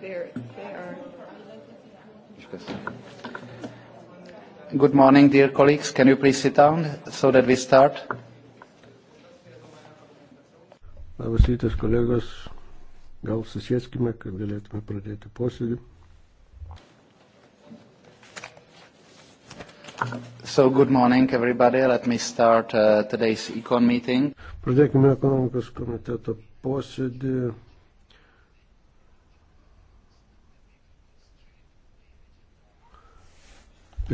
They're, they are. Good morning, dear colleagues. Can you please sit down so that we start? Labas rytas, kolegos. Gal susėskime, kad galėtume pradėti posėdį. So good morning, everybody. Let me start uh, today's econ meeting. Pradėkime ekonomikos komiteto posėdį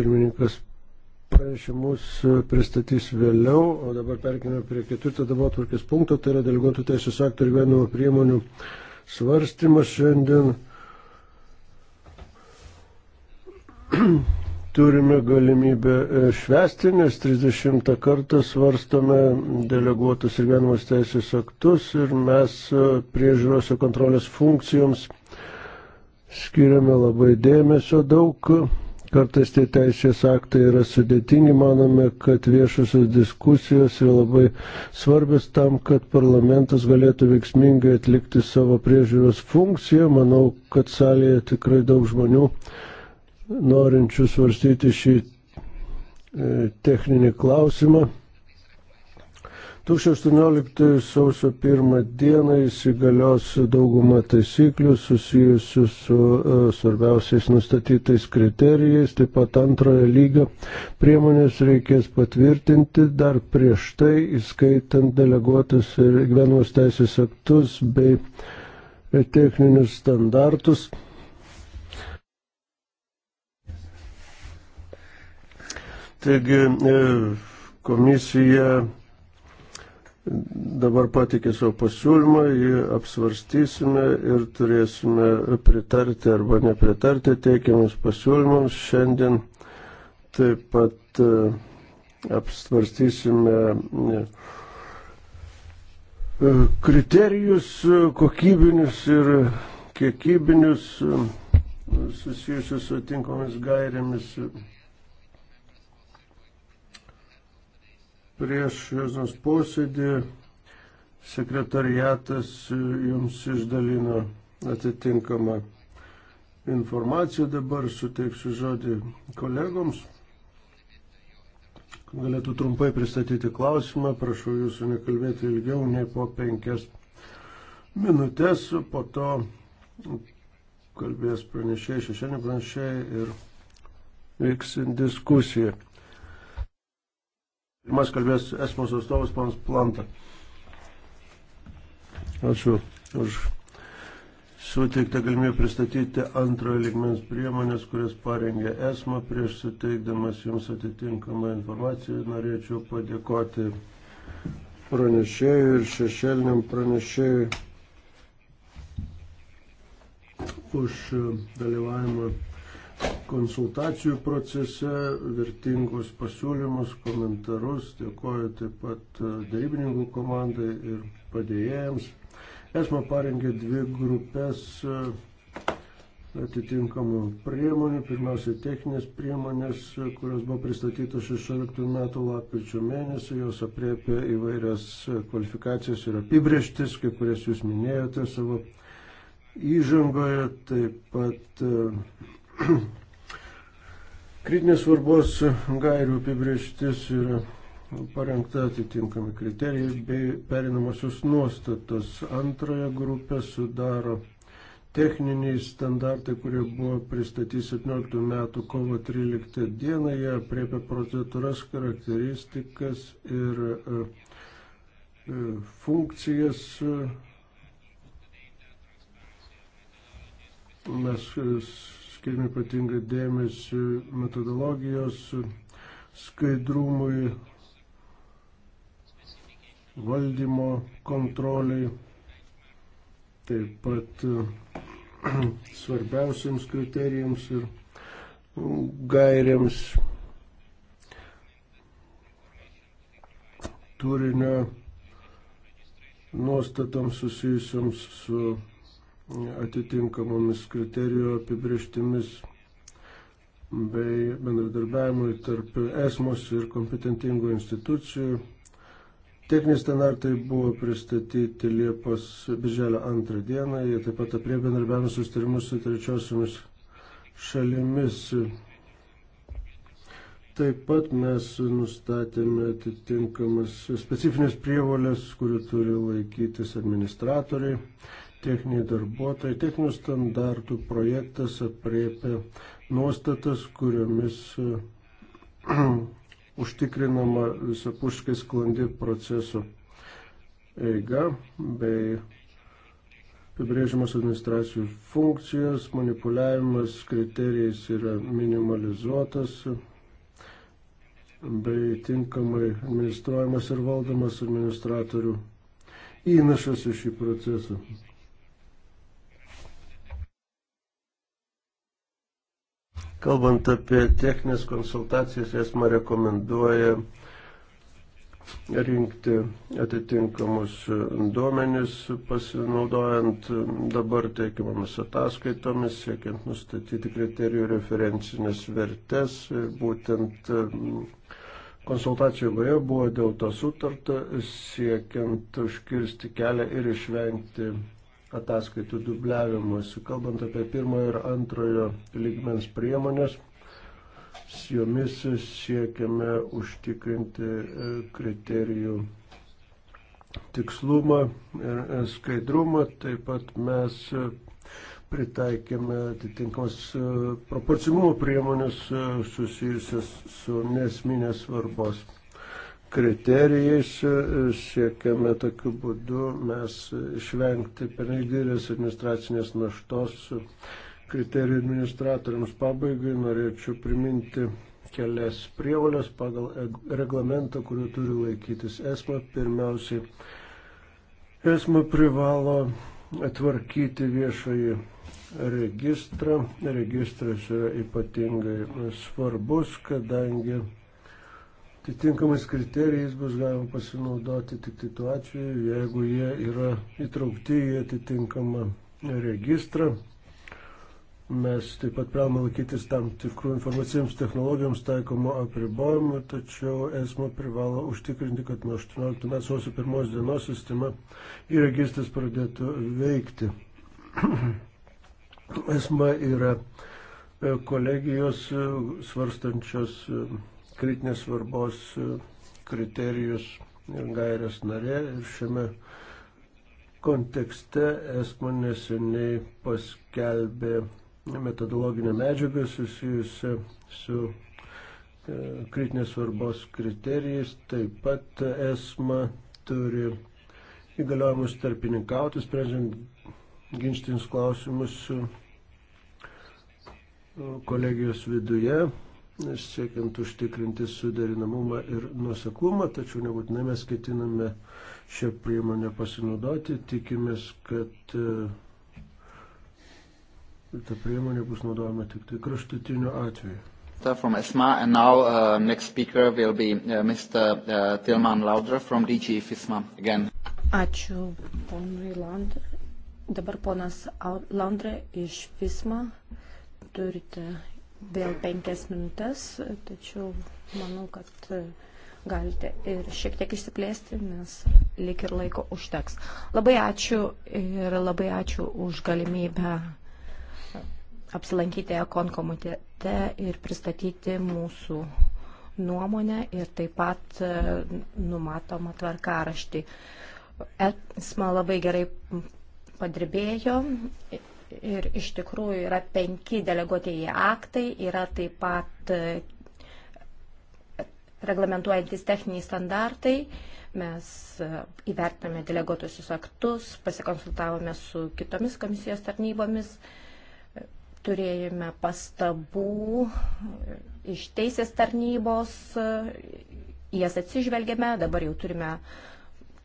pirmininkas pranešimus pristatys vėliau, o dabar perkime prie ketvirto darbo atvarkės punkto, tai yra deleguotų teisės aktų ir gyvenimo priemonių svarstymas šiandien. Turime galimybę e, švesti, nes 30 kartą svarstome deleguotus ir gyvenimus teisės aktus ir mes e, priežiūros ir kontrolės funkcijoms skiriame labai dėmesio daug Kartais tie teisės aktai yra sudėtingi, manome, kad viešosios diskusijos yra labai svarbios tam, kad parlamentas galėtų veiksmingai atlikti savo priežiūros funkciją. Manau, kad salėje tikrai daug žmonių norinčių svarstyti šį e, techninį klausimą. 2018 sausio 1 dieną įsigalios dauguma taisyklių susijusių su e, svarbiausiais nustatytais kriterijais, taip pat antrojo lygio priemonės reikės patvirtinti dar prieš tai, įskaitant deleguotus ir gyvenimos teisės aktus bei techninius standartus. Taigi e, komisija dabar patikė savo pasiūlymą, jį apsvarstysime ir turėsime pritarti arba nepritarti teikiamams pasiūlymams. Šiandien taip pat e, apsvarstysime e, kriterijus kokybinius ir kiekybinius e, susijusius su tinkomis gairėmis Prieš šios posėdį sekretariatas jums išdalino atitinkamą informaciją. Dabar suteiksiu žodį kolegoms. Galėtų trumpai pristatyti klausimą. Prašau jūsų nekalbėti ilgiau nei po penkias minutės. Po to kalbės pranešėjai, šešėlį pranešėjai ir vyks diskusija. Pirmas kalbės esmos atstovas panas Planta. Ačiū už suteiktą galimybę pristatyti antrojo ligmens priemonės, kurias parengė esmą prieš suteikdamas jums atitinkamą informaciją. Norėčiau padėkoti pranešėjui ir šešėliniam pranešėjui už dalyvavimą konsultacijų procese vertingus pasiūlymus, komentarus. Dėkoju taip pat e, darybininkų komandai ir padėjėjams. Esmo parengė dvi grupės e, atitinkamų priemonių. Pirmiausia, techninės priemonės, e, kurios buvo pristatytos 16 metų lapkričio mėnesį. Jos apriepia įvairias kvalifikacijas ir apibrieštis, kai kurias jūs minėjote savo įžangoje. Taip pat Kritinės svarbos gairių apibrieštis yra parengta atitinkami kriterijai bei perinamosios nuostatos. Antrąją grupę sudaro techniniai standartai, kurie buvo pristatyti 17 metų kovo 13 dieną. Jie priepia procedūras, charakteristikas ir e, e, funkcijas. Mes e, skirime ypatingą dėmesį metodologijos skaidrumui, valdymo kontroliai, taip pat svarbiausiams kriterijams ir gairiams turinio nuostatoms susijusiams su atitinkamomis kriterijų apibrieštimis bei bendradarbiavimui tarp esmos ir kompetentingų institucijų. Techniniai standartai buvo pristatyti Liepos birželio antrą dieną, jie taip pat apie bendradarbiavimo sustarimus su trečiosiomis šalimis. Taip pat mes nustatėme atitinkamas specifinės prievolės, kurių turi laikytis administratoriai techniniai darbuotojai. Techninių standartų projektas apriepia nuostatas, kuriomis užtikrinama visapuškai sklandi proceso eiga bei apibrėžimas administracijų funkcijos, manipuliavimas kriterijais yra minimalizuotas bei tinkamai administruojamas ir valdomas administratorių įnašas į šį procesą. Kalbant apie techninės konsultacijas, jas man rekomenduoja rinkti atitinkamus duomenis, pasinaudojant dabar teikiamomis ataskaitomis, siekiant nustatyti kriterijų referencinės vertes. Būtent mm, konsultacijų vaje buvo dėl to sutarta, siekiant užkirsti kelią ir išvengti ataskaitų dubliavimuose. Kalbant apie pirmojo ir antrojo lygmens priemonės, su jomis siekiame užtikrinti e, kriterijų tikslumą ir e, skaidrumą. Taip pat mes pritaikėme atitinkamas e, proporcingumo priemonės susijusias su nesminės svarbos kriterijais e, siekiame tokiu būdu mes išvengti pernelyg administracinės naštos kriterijų administratoriams. Pabaigai norėčiau priminti kelias prievolės pagal reglamentą, kuriuo turi laikytis esma. Pirmiausiai, esma privalo tvarkyti viešąjį registrą. Registras yra ypatingai svarbus, kadangi Atitinkamais kriterijais bus galima pasinaudoti tik tai tuo atveju, jeigu jie yra įtraukti į atitinkamą registrą. Mes taip pat privalome laikytis tam tikrų informacijoms technologijoms taikomo apribojimų, tačiau esmo privalo užtikrinti, kad nuo 18 metų sausio pirmos dienos sistema į registras pradėtų veikti. esma yra kolegijos svarstančios kritinės svarbos e, kriterijus ir gairės narė. Ir šiame kontekste ESMA neseniai paskelbė metodologinę medžiagą susijusią su e, kritinės svarbos kriterijais. Taip pat ESMA turi įgaliojimus tarpininkauti, sprendžiant ginštins klausimus e, kolegijos viduje siekiant užtikrinti suderinamumą ir nuoseklumą, tačiau nebūtinai mes ketiname šią priemonę pasinaudoti. Tikimės, kad e, ta priemonė bus naudojama tik tai kraštutiniu atveju. From ESMA and now uh, next speaker will be uh, Mr. Uh, Tilman Laudra from DG FISMA again. Ačiū ponui Landre. Dabar ponas Landre iš FISMA turite vėl penkias minutės, tačiau manau, kad galite ir šiek tiek išsiplėsti, nes lik ir laiko užteks. Labai ačiū ir labai ačiū už galimybę apsilankyti Ekon komitete ir pristatyti mūsų nuomonę ir taip pat e, numatomą tvarkaraštį. ESMA labai gerai padirbėjo ir iš tikrųjų yra penki deleguotieji aktai, yra taip pat e, reglamentuojantis techniniai standartai. Mes e, įvertiname deleguotusius aktus, pasikonsultavome su kitomis komisijos tarnybomis, e, turėjome pastabų iš teisės tarnybos, jas atsižvelgėme, dabar jau turime uh,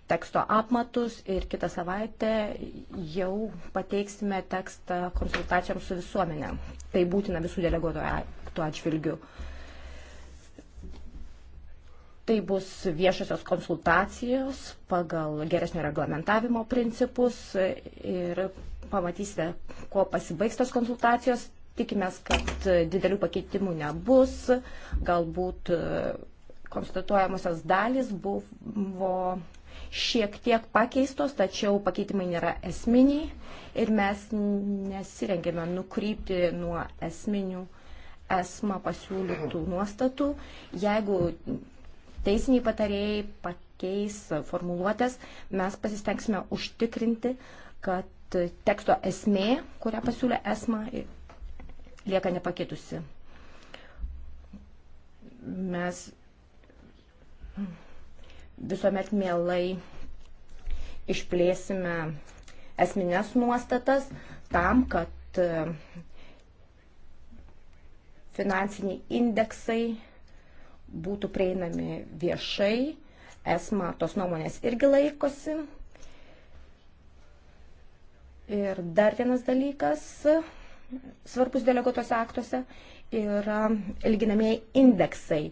teksto apmatus ir kitą savaitę jau pateiksime tekstą konsultacijoms su visuomenė. Tai būtina visų deleguotojų tuo atžvilgiu. Tai bus viešasios konsultacijos pagal geresnio reglamentavimo principus ir pamatysite, kuo pasibaigs tos konsultacijos. Tikimės, kad didelių pakeitimų nebus, galbūt konstatuojamosios dalys buvo šiek tiek pakeistos, tačiau pakeitimai nėra esminiai ir mes nesirengėme nukrypti nuo esminių esma pasiūlytų nuostatų. Jeigu teisiniai patarėjai pakeis formuluotės, mes pasistengsime užtikrinti, kad teksto esmė, kurią pasiūlė esma, lieka nepakitusi. Mes visuomet mielai išplėsime esminės nuostatas tam, kad e, finansiniai indeksai būtų prieinami viešai. Esma tos nuomonės irgi laikosi. Ir dar vienas dalykas svarbus deleguotose aktuose yra lyginamieji indeksai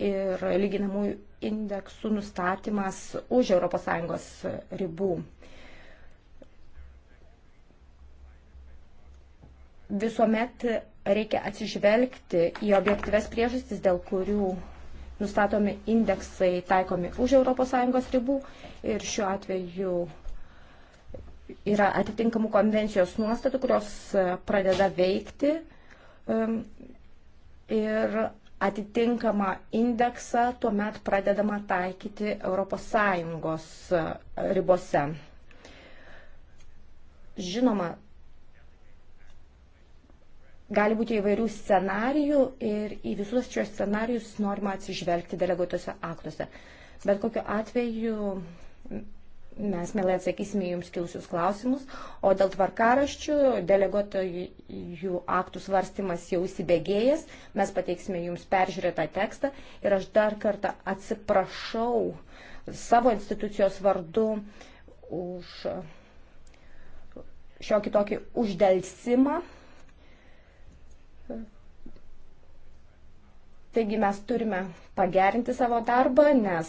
ir lyginamųjų indeksų nustatymas už ES ribų. Visuomet reikia atsižvelgti į objektyves priežastis, dėl kurių nustatomi indeksai taikomi už ES ribų ir šiuo atveju yra atitinkamų konvencijos nuostatų, kurios pradeda veikti ehm, ir atitinkamą indeksą tuomet pradedama taikyti ES e, ribose. Žinoma, gali būti įvairių scenarijų ir į visus šios scenarijus norima atsižvelgti deleguotose aktuose. Bet kokiu atveju mes mielai atsakysime jums kilusius klausimus. O dėl tvarkaraščių, deleguotojų aktų svarstymas jau įsibėgėjęs, mes pateiksime jums peržiūrėtą tekstą ir aš dar kartą atsiprašau savo institucijos vardu už šiokį tokį uždelsimą. Taigi mes turime pagerinti savo darbą, nes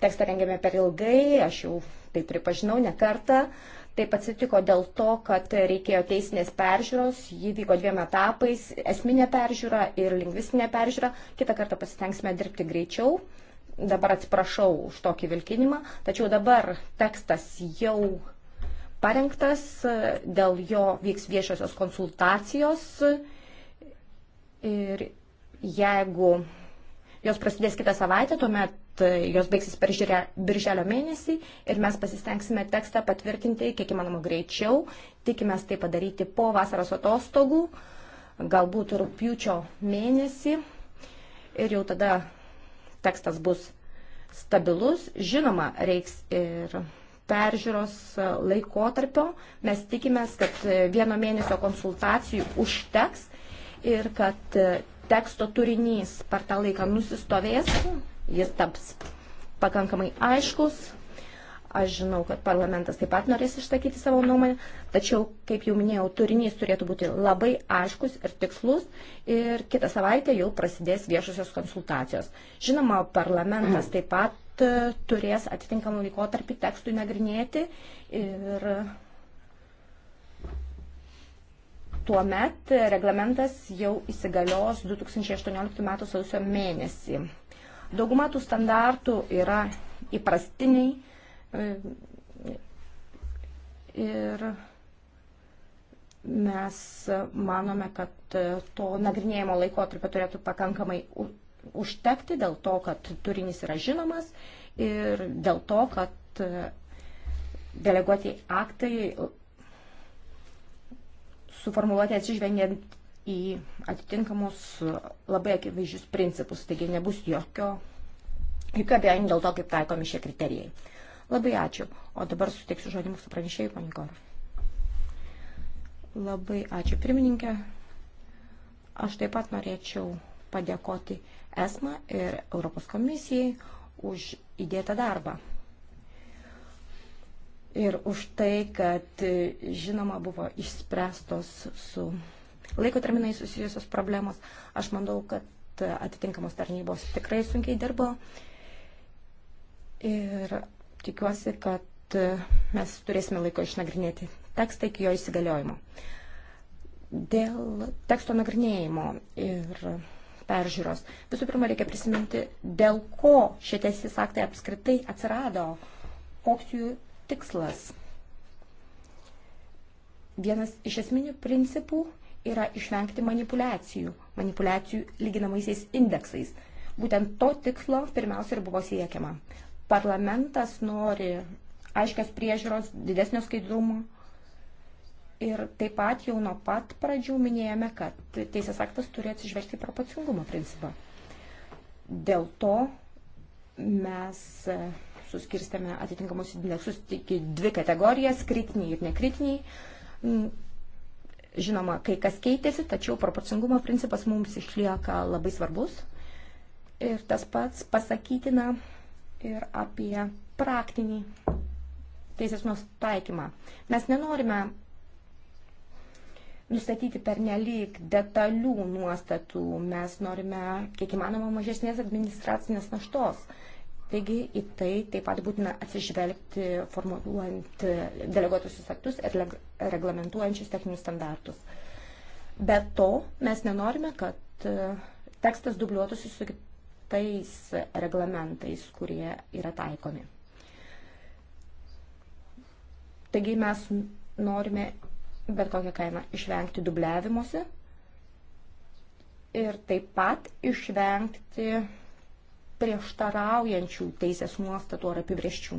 tekstą rengiame per ilgai, aš jau tai pripažinau ne kartą. Taip atsitiko dėl to, kad reikėjo teisinės peržiūros, ji vyko dviem etapais - esminė peržiūra ir lingvistinė peržiūra. Kitą kartą pasitengsime dirbti greičiau. Dabar atsiprašau už tokį vilkinimą, tačiau dabar tekstas jau parengtas, dėl jo vyks viešosios konsultacijos ir jeigu Jos prasidės kitą savaitę, tuomet e, jos baigsis per žiūrė, birželio mėnesį ir mes pasistengsime tekstą patvirtinti kiek įmanoma greičiau. Tikimės tai padaryti po vasaros atostogų, galbūt rūpiučio mėnesį. Ir jau tada tekstas bus stabilus. Žinoma, reiks ir peržiūros laikotarpio. Mes tikimės, kad vieno mėnesio konsultacijų užteks ir kad e, teksto turinys per tą laiką nusistovės, jis taps pakankamai aiškus. Aš žinau, kad parlamentas taip pat norės išsakyti savo nuomonę, tačiau, kaip jau minėjau, turinys turėtų būti labai aiškus ir tikslus ir kitą savaitę jau prasidės viešosios konsultacijos. Žinoma, parlamentas taip pat turės atitinkamą laikotarpį tekstui nagrinėti ir Tuomet reglamentas jau įsigalios 2018 m. sausio mėnesį. Dauguma tų standartų yra įprastiniai e, ir mes manome, kad to nagrinėjimo laiko tarp turėtų pakankamai užtekti dėl to, kad turinys yra žinomas ir dėl to, kad deleguoti aktai suformuoluoti atsižvengiant į atitinkamus labai akivaizdžius principus, taigi nebus jokio įkabėjimo dėl to, kaip taikomi šie kriterijai. Labai ačiū. O dabar suteiksiu žodį mūsų su pranešėjai, panikor. Labai ačiū, pirmininkė. Aš taip pat norėčiau padėkoti ESMA ir Europos komisijai už įdėtą darbą ir už tai, kad e, žinoma buvo išspręstos su laiko terminai susijusios problemos. Aš manau, kad atitinkamos tarnybos tikrai sunkiai dirbo ir tikiuosi, kad e, mes turėsime laiko išnagrinėti tekstą iki jo įsigaliojimo. Dėl teksto nagrinėjimo ir peržiūros. Visų pirma, reikia prisiminti, dėl ko šitie aktai apskritai atsirado, koks jų tikslas. Vienas iš esminių principų yra išvengti manipulacijų, manipulacijų lyginamaisiais indeksais. Būtent to tikslo pirmiausia ir buvo siekiama. Parlamentas nori aiškios priežiūros, didesnio skaidrumo. Ir taip pat jau nuo pat pradžių minėjome, kad teisės aktas turi atsižvelgti proporcingumo principą. Dėl to mes suskirstėme atitinkamus indeksus tik į dvi kategorijas - kritiniai ir nekritiniai. Mm, žinoma, kai kas keitėsi, tačiau proporcingumo principas mums išlieka labai svarbus. Ir tas pats pasakytina ir apie praktinį teisės nustaikymą. Mes nenorime nustatyti per nelik detalių nuostatų, mes norime kiek įmanoma mažesnės administracinės naštos. Taigi į tai taip pat būtina atsižvelgti formuluojant deleguotusius aktus ir reglamentuojančius techninius standartus. Be to, mes nenorime, kad e, tekstas dubliuotųsi su kitais reglamentais, kurie yra taikomi. Taigi mes norime bet kokią kainą išvengti dubliavimuose ir taip pat išvengti prieštaraujančių teisės nuostatų ar apibrieščių.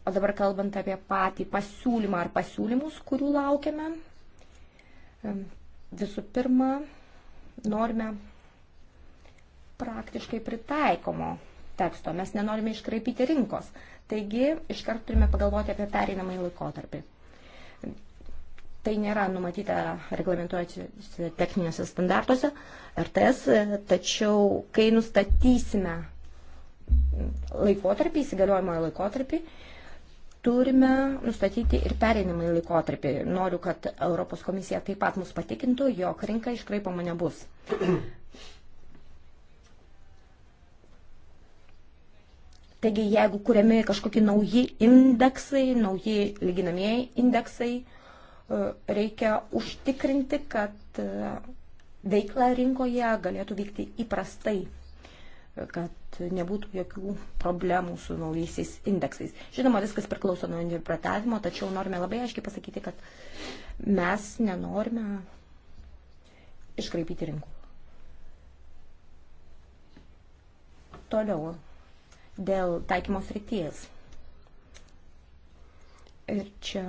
O dabar kalbant apie patį pasiūlymą ar pasiūlymus, kurių laukiame, visų pirma, norime praktiškai pritaikomo teksto, mes nenorime iškraipyti rinkos. Taigi, iškart turime pagalvoti apie pereinamąjį laikotarpį tai nėra numatyta reglamentuojančiuose techniniuose standartuose RTS, tačiau kai nustatysime laikotarpį, įsigaliojamojo laikotarpį, turime nustatyti ir pereinamąjį laikotarpį. Noriu, kad Europos komisija taip pat mus patikintų, jog rinka iškraipama nebus. Taigi, jeigu kuriami kažkokie nauji indeksai, nauji lyginamieji indeksai, reikia užtikrinti, kad e, veikla rinkoje galėtų vykti įprastai e, kad nebūtų jokių problemų su naujaisiais indeksais. Žinoma, viskas priklauso nuo interpretavimo, tačiau norime labai aiškiai pasakyti, kad mes nenorime iškraipyti rinkų. Toliau, dėl taikymos ryties. Ir čia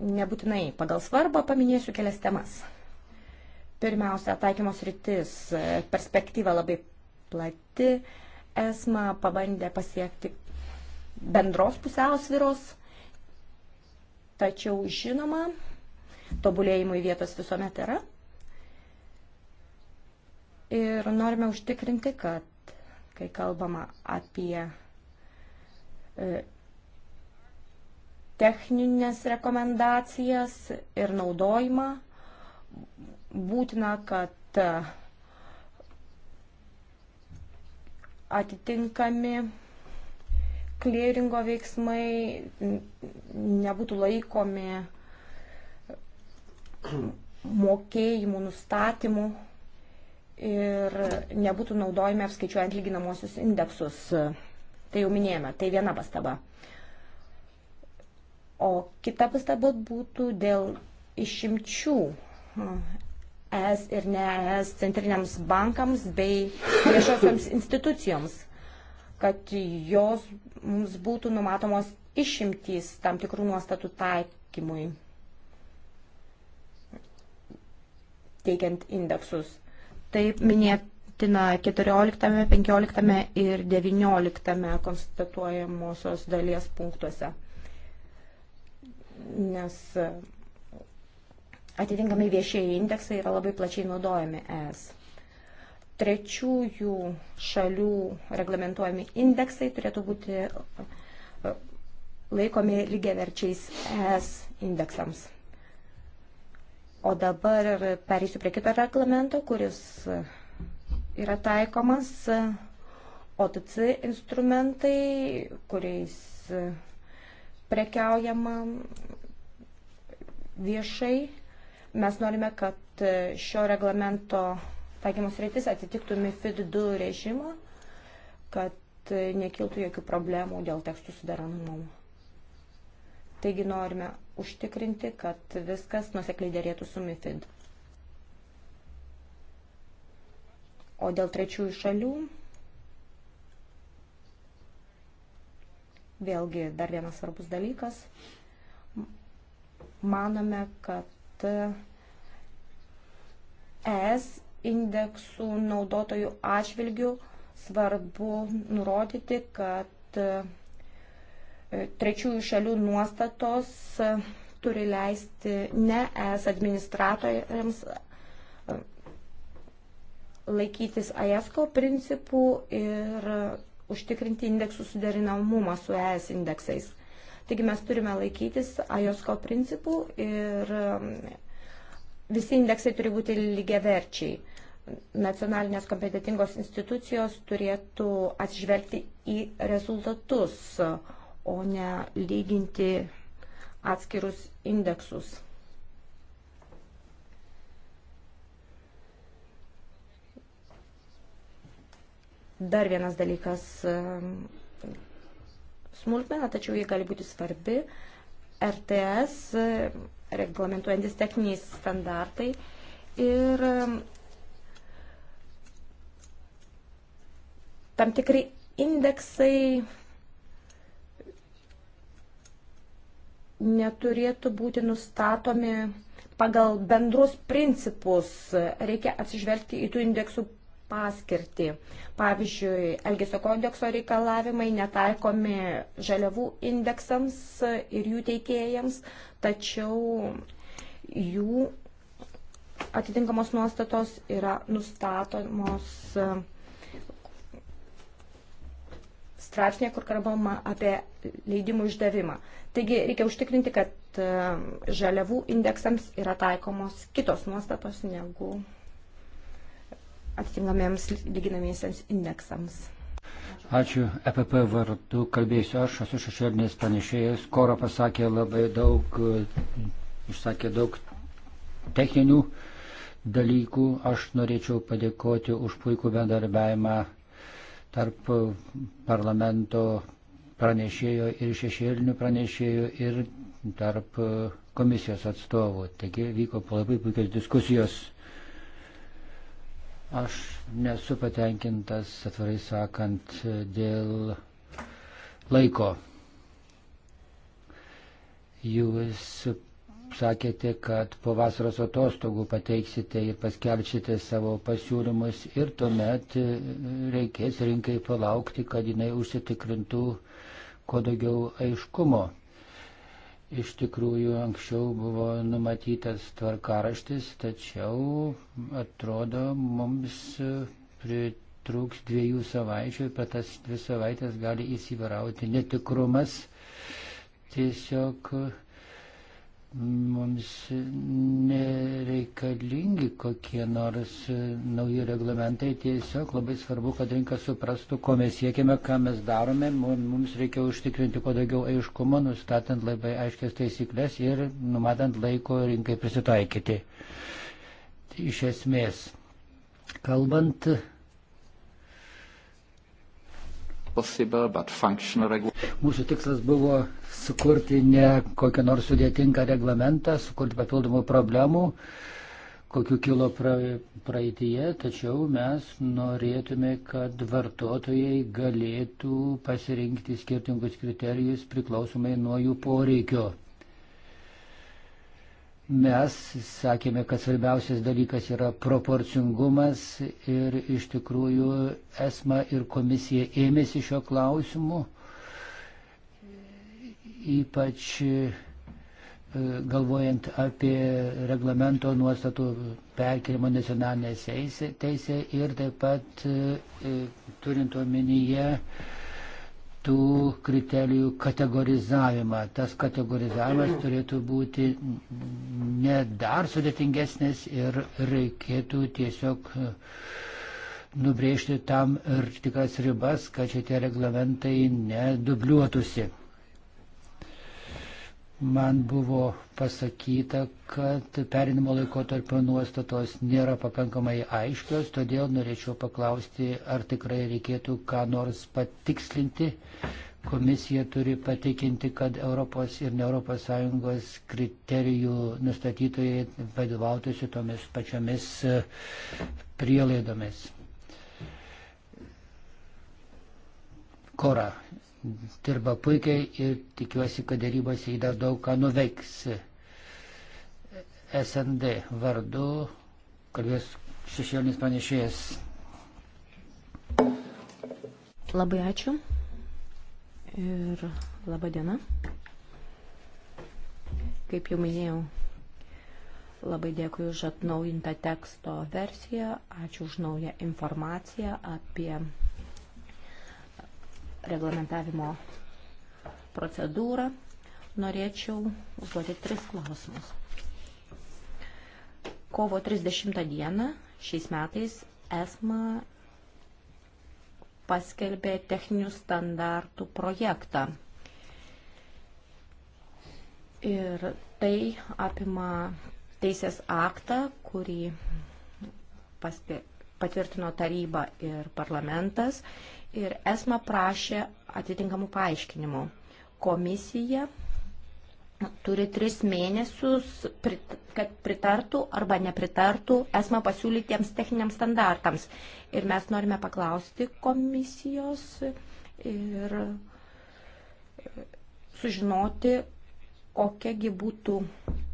nebūtinai pagal svarbą paminėsiu kelias temas. Pirmiausia, taikymos rytis e, perspektyva labai plati. Esma pabandė pasiekti bendros pusiausviros, tačiau žinoma, tobulėjimui vietos visuomet yra. Ir norime užtikrinti, kad kai kalbama apie e, techninės rekomendacijas ir naudojimą. Būtina, kad e, atitinkami klėringo veiksmai nebūtų laikomi mokėjimų nustatymų ir nebūtų naudojami apskaičiuojant lyginamosius indeksus. Tai jau minėjome, tai viena pastaba. O kita pastaba būtų dėl išimčių hmm, ES ir ne ES centriniams bankams bei viešosiams institucijoms, kad jos mums būtų numatomos išimtys tam tikrų nuostatų taikymui, teikiant indeksus. Taip minėtina 14, 15 ir 19 konstatuojamosios dalies punktuose nes atitinkamai viešieji indeksai yra labai plačiai naudojami ES. Trečiųjų šalių reglamentuojami indeksai turėtų būti e, laikomi lygiaverčiais ES indeksams. O dabar perėsiu prie kito reglamento, kuris yra taikomas e, OTC instrumentai, kuriais e, prekiaujama viešai. Mes norime, kad šio reglamento taikymus reitis atitiktų MIFID 2 režimą, kad nekiltų jokių problemų dėl tekstų suderanumo. Taigi norime užtikrinti, kad viskas nusekliai dėrėtų su MIFID. O dėl trečiųjų šalių Vėlgi dar vienas svarbus dalykas. Manome, kad ES indeksų naudotojų atžvilgių svarbu nurodyti, kad e, trečiųjų šalių nuostatos e, turi leisti ne ES administratoriams e, laikytis AESCO principų ir užtikrinti indeksų suderinamumą su ES indeksais. Taigi mes turime laikytis AJOSKO principų ir um, visi indeksai turi būti lygiaverčiai. Nacionalinės kompetitingos institucijos turėtų atsižvelgti į rezultatus, o ne lyginti atskirus indeksus. Dar vienas dalykas um, smulkmena, tačiau jie gali būti svarbi. RTS um, reglamentuojantis techniniai standartai ir um, tam tikri indeksai neturėtų būti nustatomi pagal bendrus principus. Reikia atsižvelgti į tų indeksų paskirtį. Pavyzdžiui, Elgesio kodekso reikalavimai netaikomi žaliavų indeksams ir jų teikėjams, tačiau jų atitinkamos nuostatos yra nustatomos straipsnėje, kur kalbama apie leidimų išdavimą. Taigi reikia užtikrinti, kad žaliavų indeksams yra taikomos kitos nuostatos negu atitinkamiems lyginamiesiams indeksams. Ačiū. EPP vardu kalbėsiu aš, esu šešėlinės panešėjas. Koro pasakė labai daug, išsakė daug techninių dalykų. Aš norėčiau padėkoti už puikų bendarbiavimą tarp parlamento pranešėjo ir šešėlinių pranešėjų ir tarp komisijos atstovų. Taigi vyko labai puikios diskusijos. Aš nesu patenkintas, atvarai sakant, dėl laiko. Jūs sakėte, kad po vasaros atostogų pateiksite ir paskelbsite savo pasiūlymus ir tuomet reikės rinkai palaukti, kad jinai užsitikrintų kuo daugiau aiškumo. Iš tikrųjų, anksčiau buvo numatytas tvarkaraštis, tačiau atrodo, mums pritrūks dviejų savaičių ir per tas dvi savaitės gali įsivarauti netikrumas. Tiesiog Mums nereikalingi kokie nors nauji reglamentai, tiesiog labai svarbu, kad rinka suprastų, ko mes siekime, ką mes darome. Mums reikia užtikrinti kuo daugiau aiškumo, nustatant labai aiškias taisyklės ir numatant laiko rinkai prisitaikyti. Iš esmės, kalbant possible, but functional regulation. Mūsų tikslas buvo sukurti ne kokią nors sudėtingą reglamentą, sukurti papildomų problemų, kokiu kilo pra, praeitie, tačiau mes norėtume, kad vartotojai galėtų pasirinkti skirtingus kriterijus priklausomai nuo jų poreikio. Mes sakėme, kad svarbiausias dalykas yra proporcingumas ir iš tikrųjų esma ir komisija ėmėsi šio klausimu. Ypač e, galvojant apie reglamento nuostatų perkelimo nacionalinės teisė ir taip pat e, turint omenyje tų kriterijų kategorizavimą. Tas kategorizavimas turėtų būti ne dar sudėtingesnis ir reikėtų tiesiog e, nubrėžti tam ir tikras ribas, kad šitie reglamentai nedubliuotųsi man buvo pasakyta, kad perinimo laikotarpio nuostatos nėra pakankamai aiškios, todėl norėčiau paklausti, ar tikrai reikėtų ką nors patikslinti. Komisija turi patikinti, kad Europos ir ne ES kriterijų nustatytojai vadovautųsi tomis pačiomis e, prielaidomis. Kora dirba puikiai ir tikiuosi, kad darybose jį dar daug ką nuveiks. SND vardu kalbės šešėlinis pranešėjas. Labai ačiū ir laba diena. Kaip jau minėjau, labai dėkui už atnaujintą teksto versiją, ačiū už naują informaciją apie reglamentavimo procedūrą, norėčiau užduoti tris klausimus. Kovo 30 dieną šiais metais ESMA paskelbė techninių standartų projektą. Ir tai apima teisės aktą, kurį paspė, patvirtino taryba ir parlamentas ir esma prašė atitinkamų paaiškinimų. Komisija turi tris mėnesius, kad pritartų arba nepritartų esmą pasiūlytiems techniniams standartams. Ir mes norime paklausti komisijos ir sužinoti, kokiagi būtų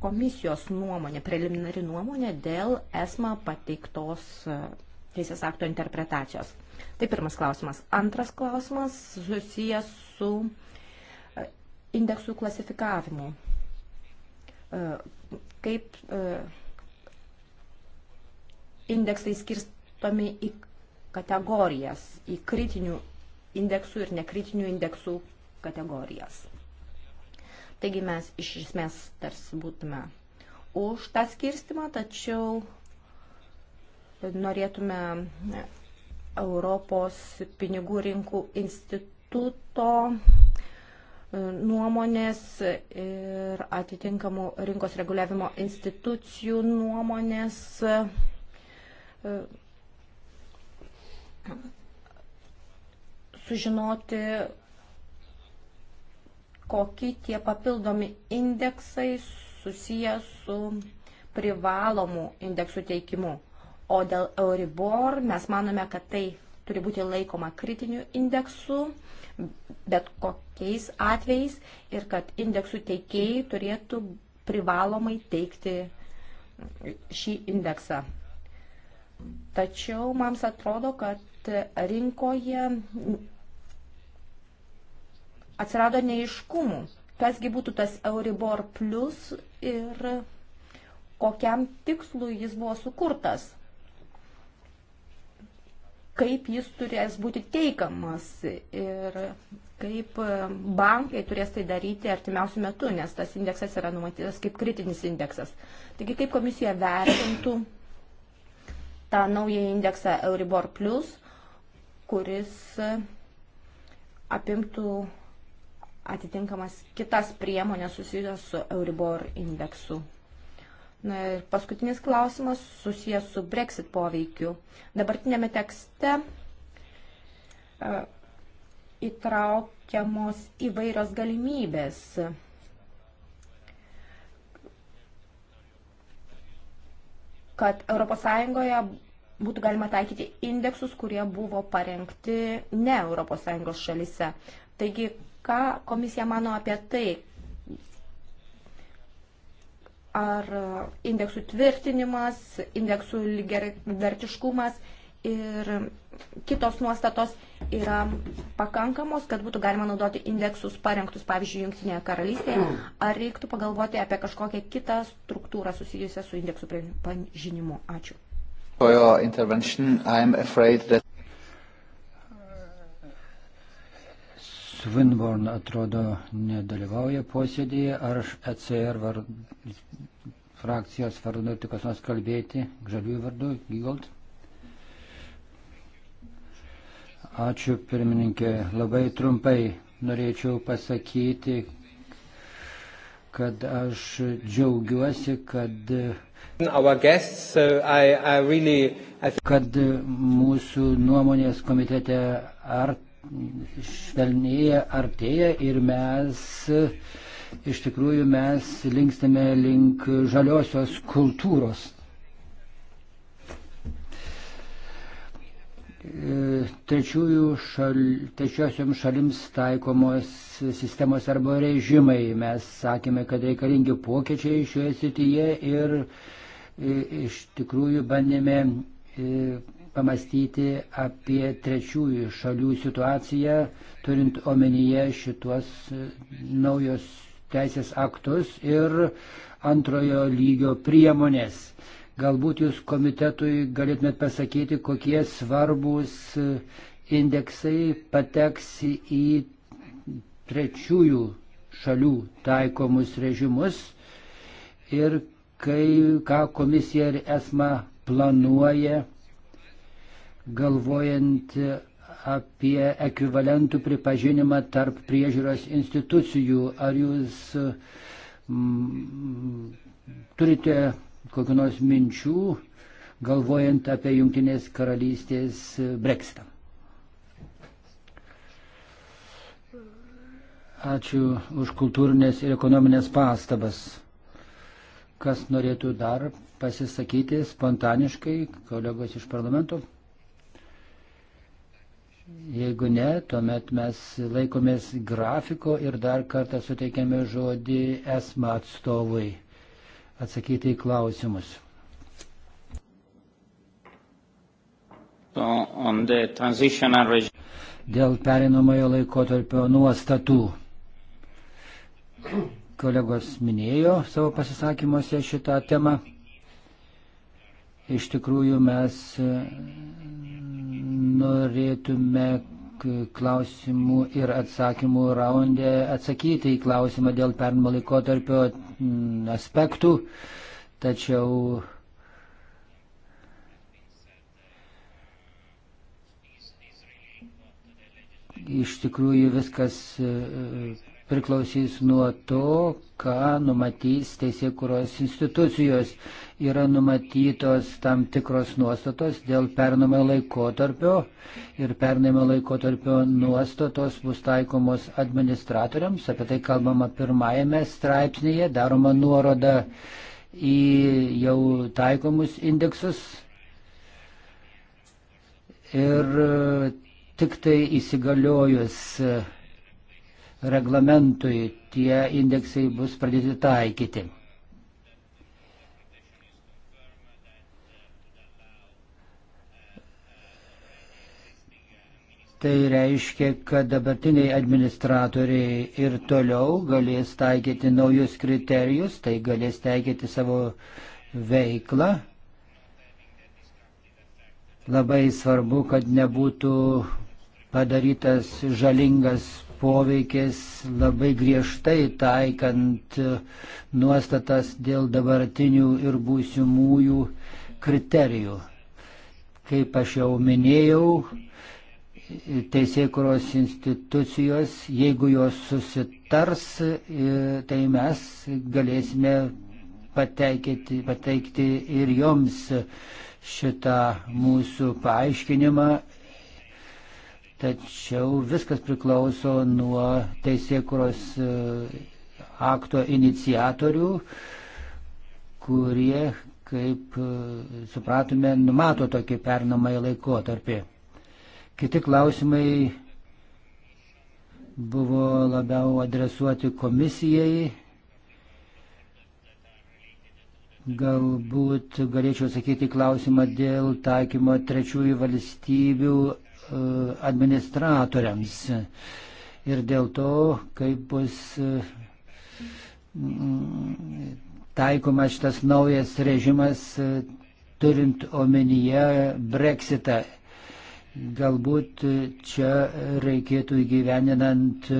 komisijos nuomonė, preliminari nuomonė dėl esmą pateiktos teisės akto interpretacijos. Tai pirmas klausimas. Antras klausimas susijęs su e, indeksų klasifikavimu. E, kaip e, indeksai skirstomi į kategorijas, į kritinių indeksų ir nekritinių indeksų kategorijas. Taigi mes iš esmės tarsi būtume už tą skirstimą, tačiau norėtume Europos pinigų rinkų instituto e, nuomonės ir atitinkamų rinkos reguliavimo institucijų nuomonės. E, sužinoti, kokie tie papildomi indeksai susiję su privalomų indeksų teikimu. O dėl Euribor mes manome, kad tai turi būti laikoma kritiniu indeksu, bet kokiais atvejais ir kad indeksų teikėjai turėtų privalomai teikti šį indeksą. Tačiau mums atrodo, kad rinkoje atsirado neiškumų, kasgi būtų tas Euribor plus ir kokiam tikslui jis buvo sukurtas kaip jis turės būti teikamas ir kaip bankai turės tai daryti artimiausių metų, nes tas indeksas yra numatytas kaip kritinis indeksas. Taigi kaip komisija vertintų tą naują indeksą Euribor Plus, kuris apimtų atitinkamas kitas priemonės susijusios su Euribor indeksu. Na ir paskutinis klausimas susijęs su Brexit poveikiu. Dabartinėme tekste uh, įtraukiamos įvairios galimybės. kad ES būtų galima taikyti indeksus, kurie buvo parengti ne ES šalise. Taigi, ką komisija mano apie tai, ar e, indeksų tvirtinimas, indeksų lygiavertiškumas ir kitos nuostatos yra pakankamos, kad būtų galima naudoti indeksus parengtus, pavyzdžiui, Junktinėje karalystėje, ar reiktų pagalvoti apie kažkokią kitą struktūrą susijusią su indeksų pažinimu. Ačiū. That... Svinborn atrodo nedalyvauja posėdėje. Ar aš e ECR vardu, frakcijos vardu tik kas nors kalbėti? Žaliųjų vardu, Gigold? Ačiū pirmininkė. Labai trumpai norėčiau pasakyti, kad aš džiaugiuosi, kad, guests, so I, I really, I... kad mūsų nuomonės komitete art švelnėja, artėja ir mes iš tikrųjų mes linkstame link žaliosios kultūros. Trečiųjų šal, trečiosioms šalims taikomos sistemos arba režimai. Mes sakėme, kad reikalingi pokyčiai šioje srityje ir iš tikrųjų bandėme pamastyti apie trečiųjų šalių situaciją, turint omenyje šituos e, naujos teisės aktus ir antrojo lygio priemonės. Galbūt jūs komitetui galėtumėt pasakyti, kokie svarbus e, indeksai pateks į trečiųjų šalių taikomus režimus ir kai, ką komisija ir esma planuoja galvojant apie ekvivalentų pripažinimą tarp priežiūros institucijų. Ar jūs mm, turite kokiu nors minčių, galvojant apie Junktinės karalystės breksitą? Ačiū už kultūrinės ir ekonominės pastabas. Kas norėtų dar pasisakyti spontaniškai, kolegos iš parlamento? Jeigu ne, tuomet mes laikomės grafiko ir dar kartą suteikiame žodį esmą atstovui atsakyti į klausimus. Dėl perinamojo laikotarpio nuostatų. Kolegos minėjo savo pasisakymuose šitą temą. Iš tikrųjų mes norėtume klausimų ir atsakymų raundė atsakyti į klausimą dėl pernamo laikotarpio mm, aspektų, tačiau iš tikrųjų viskas e, priklausys nuo to, ką numatys teisėkuros institucijos. Yra numatytos tam tikros nuostatos dėl pernamo laikotarpio ir pernamo laikotarpio nuostatos bus taikomos administratoriams. Apie tai kalbama pirmajame straipsnėje, daroma nuoroda į jau taikomus indeksus. Ir tik tai įsigaliojus reglamentui tie indeksai bus pradėti taikyti. Tai reiškia, kad dabartiniai administratoriai ir toliau galės taikyti naujus kriterijus, tai galės taikyti savo veiklą. Labai svarbu, kad nebūtų padarytas žalingas poveikis labai griežtai taikant nuostatas dėl dabartinių ir būsimųjų kriterijų. Kaip aš jau minėjau, teisėkuros institucijos, jeigu jos susitars, e, tai mes galėsime pateikti, pateikti ir joms šitą mūsų paaiškinimą Tačiau viskas priklauso nuo teisėkuros e, akto iniciatorių, kurie, kaip e, supratome, numato tokį pernamąjį laikotarpį. Kiti klausimai buvo labiau adresuoti komisijai. Galbūt galėčiau sakyti klausimą dėl taikymo trečiųjų valstybių E, administratoriams. Ir dėl to, kaip bus e, mm, taikomas šitas naujas režimas, e, turint omenyje breksitą. Galbūt čia reikėtų įgyveninant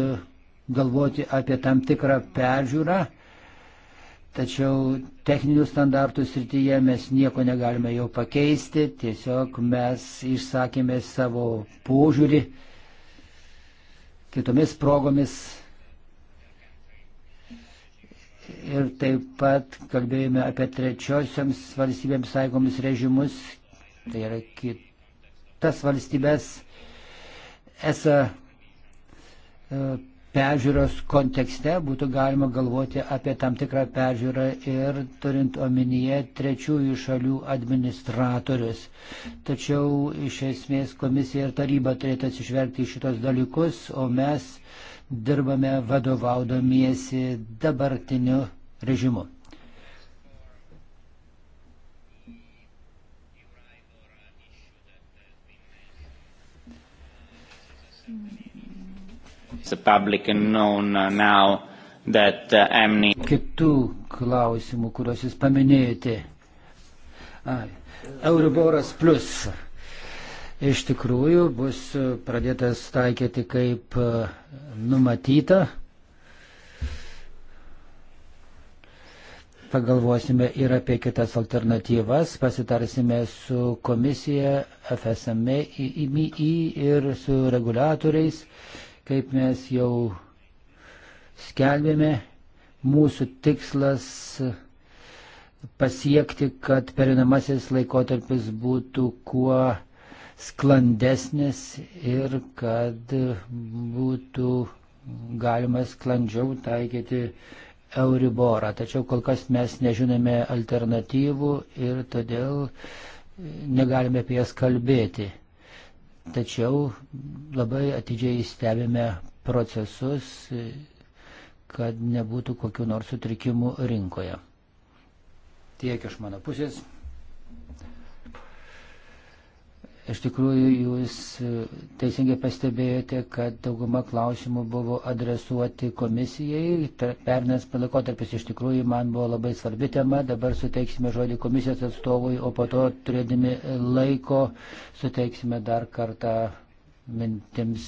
galvoti apie tam tikrą peržiūrą Tačiau techninių standartų srityje mes nieko negalime jau pakeisti, tiesiog mes išsakėme savo požiūrį kitomis progomis ir taip pat kalbėjome apie trečiosiams valstybėms taikomus režimus, tai yra kitas valstybės esą e, peržiūros kontekste būtų galima galvoti apie tam tikrą peržiūrą ir turint omenyje trečiųjų šalių administratorius. Tačiau iš esmės komisija ir taryba turėtų atsižvelgti į šitos dalykus, o mes dirbame vadovaudomiesi dabartiniu režimu. Mm. Uh, uh, Kitų klausimų, kuriuos jūs paminėjote. Ai, Euriboras plus iš tikrųjų bus uh, pradėtas taikyti kaip numatyta. Pagalvosime ir apie kitas alternatyvas, pasitarsime su komisija, FSMI e, ir su reguliatoriais. Kaip mes jau skelbėme, mūsų tikslas pasiekti, kad perinamasis laikotarpis būtų kuo sklandesnis ir kad būtų galima sklandžiau taikyti Euriborą. Tačiau kol kas mes nežinome alternatyvų ir todėl negalime apie jas kalbėti. Tačiau labai atidžiai stebime procesus, kad nebūtų kokiu nors sutrikimu rinkoje. Tiek iš mano pusės. Iš tikrųjų, jūs e, teisingai pastebėjote, kad dauguma klausimų buvo adresuoti komisijai. Pernas laikotarpis iš tikrųjų man buvo labai svarbi tema. Dabar suteiksime žodį komisijos atstovui, o po to turėdami laiko suteiksime dar kartą mintims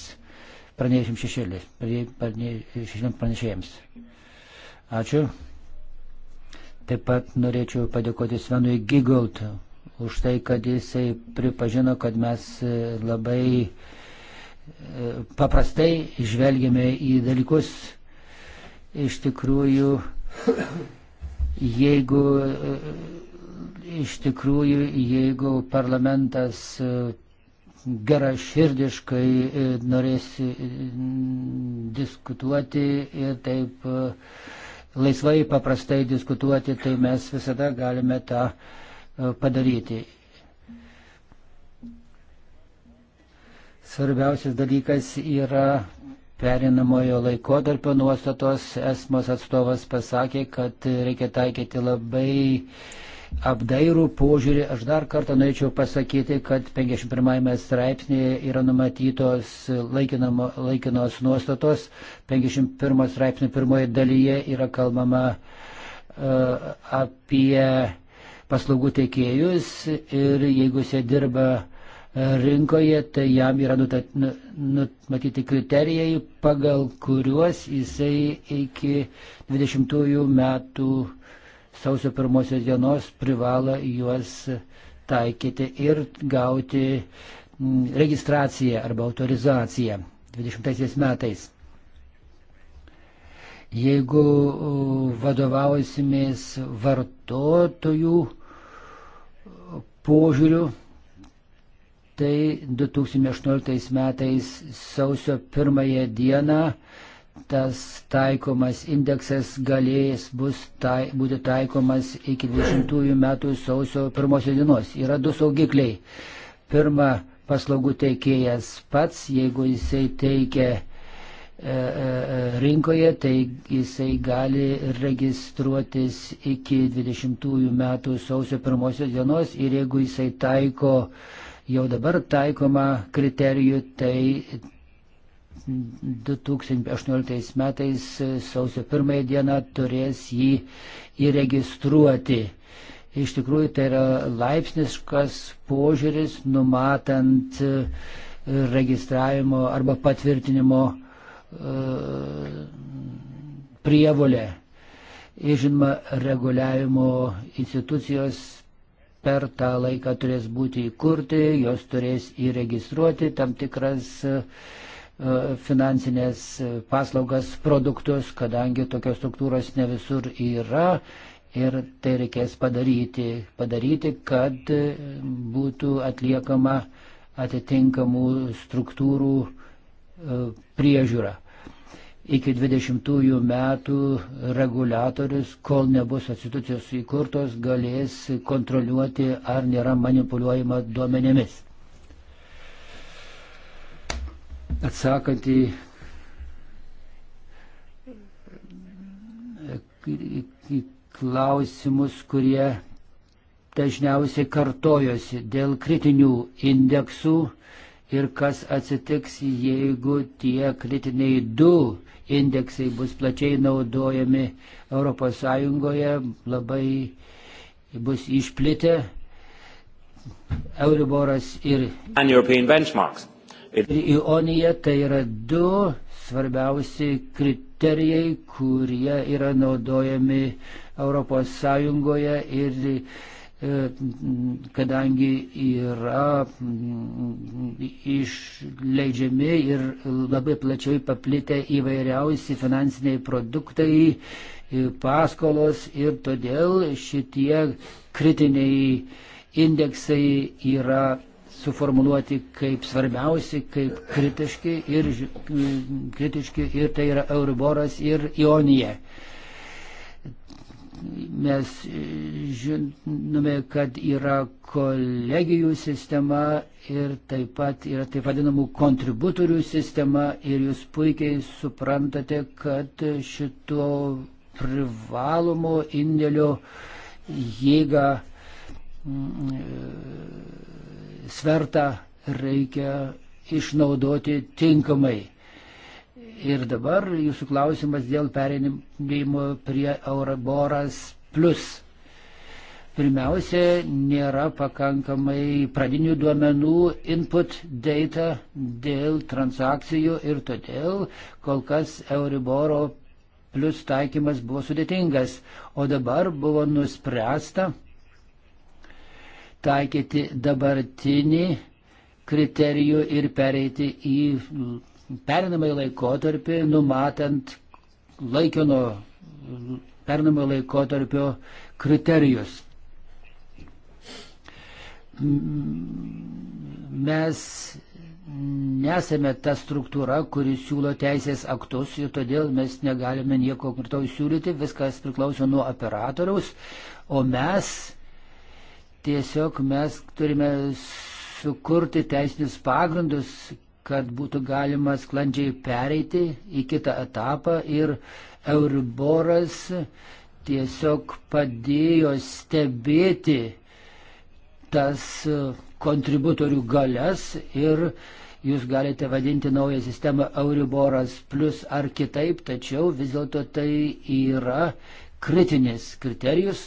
pranešim šešėlės, šešėlėms pranešėjams. Ačiū. Taip pat norėčiau padėkoti Svenui Gigoltui už tai, kad jisai pripažino, kad mes e, labai e, paprastai žvelgiame į dalykus. Iš tikrųjų, jeigu, e, iš tikrųjų, jeigu parlamentas geraširdiškai norės diskutuoti ir taip laisvai paprastai diskutuoti, tai mes visada galime tą uh, E, padaryti. Svarbiausias dalykas yra perinamojo laikotarpio nuostatos. Esmos atstovas pasakė, kad reikia taikyti labai apdairų požiūrį. Aš dar kartą norėčiau pasakyti, kad 51 straipsnėje yra numatytos laikinamo, laikinos nuostatos. 51 straipsnio pirmoje dalyje yra kalbama uh, apie paslaugų teikėjus ir jeigu jis dirba e, rinkoje, tai jam yra nu, numatyti kriterijai, pagal kuriuos jisai iki 20 metų sausio pirmosios dienos privalo juos taikyti ir gauti registraciją arba autorizaciją 20 metais jeigu vadovausimės vartotojų požiūriu, tai 2018 metais sausio pirmąją dieną tas taikomas indeksas galės bus tai, būti taikomas iki 20 metų sausio pirmosios dienos. Yra du saugikliai. Pirma, paslaugų teikėjas pats, jeigu jisai teikia E, e, e, rinkoje, tai jisai gali registruotis iki 20 metų sausio pirmosios dienos ir jeigu jisai taiko jau dabar taikoma kriterijų, tai 2018 metais sausio pirmąją dieną turės jį įregistruoti. Iš tikrųjų tai yra laipsniškas požiūris numatant registravimo arba patvirtinimo E, prievolę. Ir žinoma, reguliavimo institucijos per tą laiką turės būti įkurti, jos turės įregistruoti tam tikras e, finansinės paslaugas, produktus, kadangi tokios struktūros ne visur yra ir tai reikės padaryti, padaryti kad būtų atliekama atitinkamų struktūrų e, priežiūra iki 20 metų reguliatorius, kol nebus institucijos įkurtos, galės kontroliuoti, ar nėra manipuliuojama duomenėmis. Atsakant į klausimus, kurie dažniausiai kartojosi dėl kritinių indeksų, ir kas atsitiks, jeigu tie kritiniai du indeksai bus plačiai naudojami ES, labai bus išplitę Euriboras ir, ir Ionija, tai yra du svarbiausi kriterijai, kurie yra naudojami ES ir E, kadangi yra išleidžiami ir labai plačiai paplitę įvairiausi finansiniai produktai, e, paskolos ir todėl šitie kritiniai indeksai yra suformuluoti kaip svarbiausi, kaip kritiški ir, kritiški ir tai yra Euriboras ir Ionija. Mes e, žinome, kad yra kolegijų sistema ir taip pat yra taip vadinamų kontributorių sistema ir jūs puikiai suprantate, kad šito privalomo indėlio jėgą mm, e, svertą reikia išnaudoti tinkamai. Ir dabar jūsų klausimas dėl perinimo prie Euroboras plus. Pirmiausia, nėra pakankamai pradinių duomenų input data dėl transakcijų ir todėl kol kas Euriboro plus taikymas buvo sudėtingas, o dabar buvo nuspręsta taikyti dabartinį kriterijų ir pereiti į perinamąjį laikotarpį, numatant laikino perinamąjį laikotarpio kriterijus. Mes nesame ta struktūra, kuri siūlo teisės aktus ir todėl mes negalime nieko konkretaus siūlyti, viskas priklauso nuo operatoriaus, o mes tiesiog mes turime sukurti teisinius pagrindus, kad būtų galima sklandžiai pereiti į kitą etapą ir Euriboras tiesiog padėjo stebėti tas kontributorių galias ir jūs galite vadinti naują sistemą Euriboras plus ar kitaip, tačiau vis dėlto tai yra kritinis kriterijus.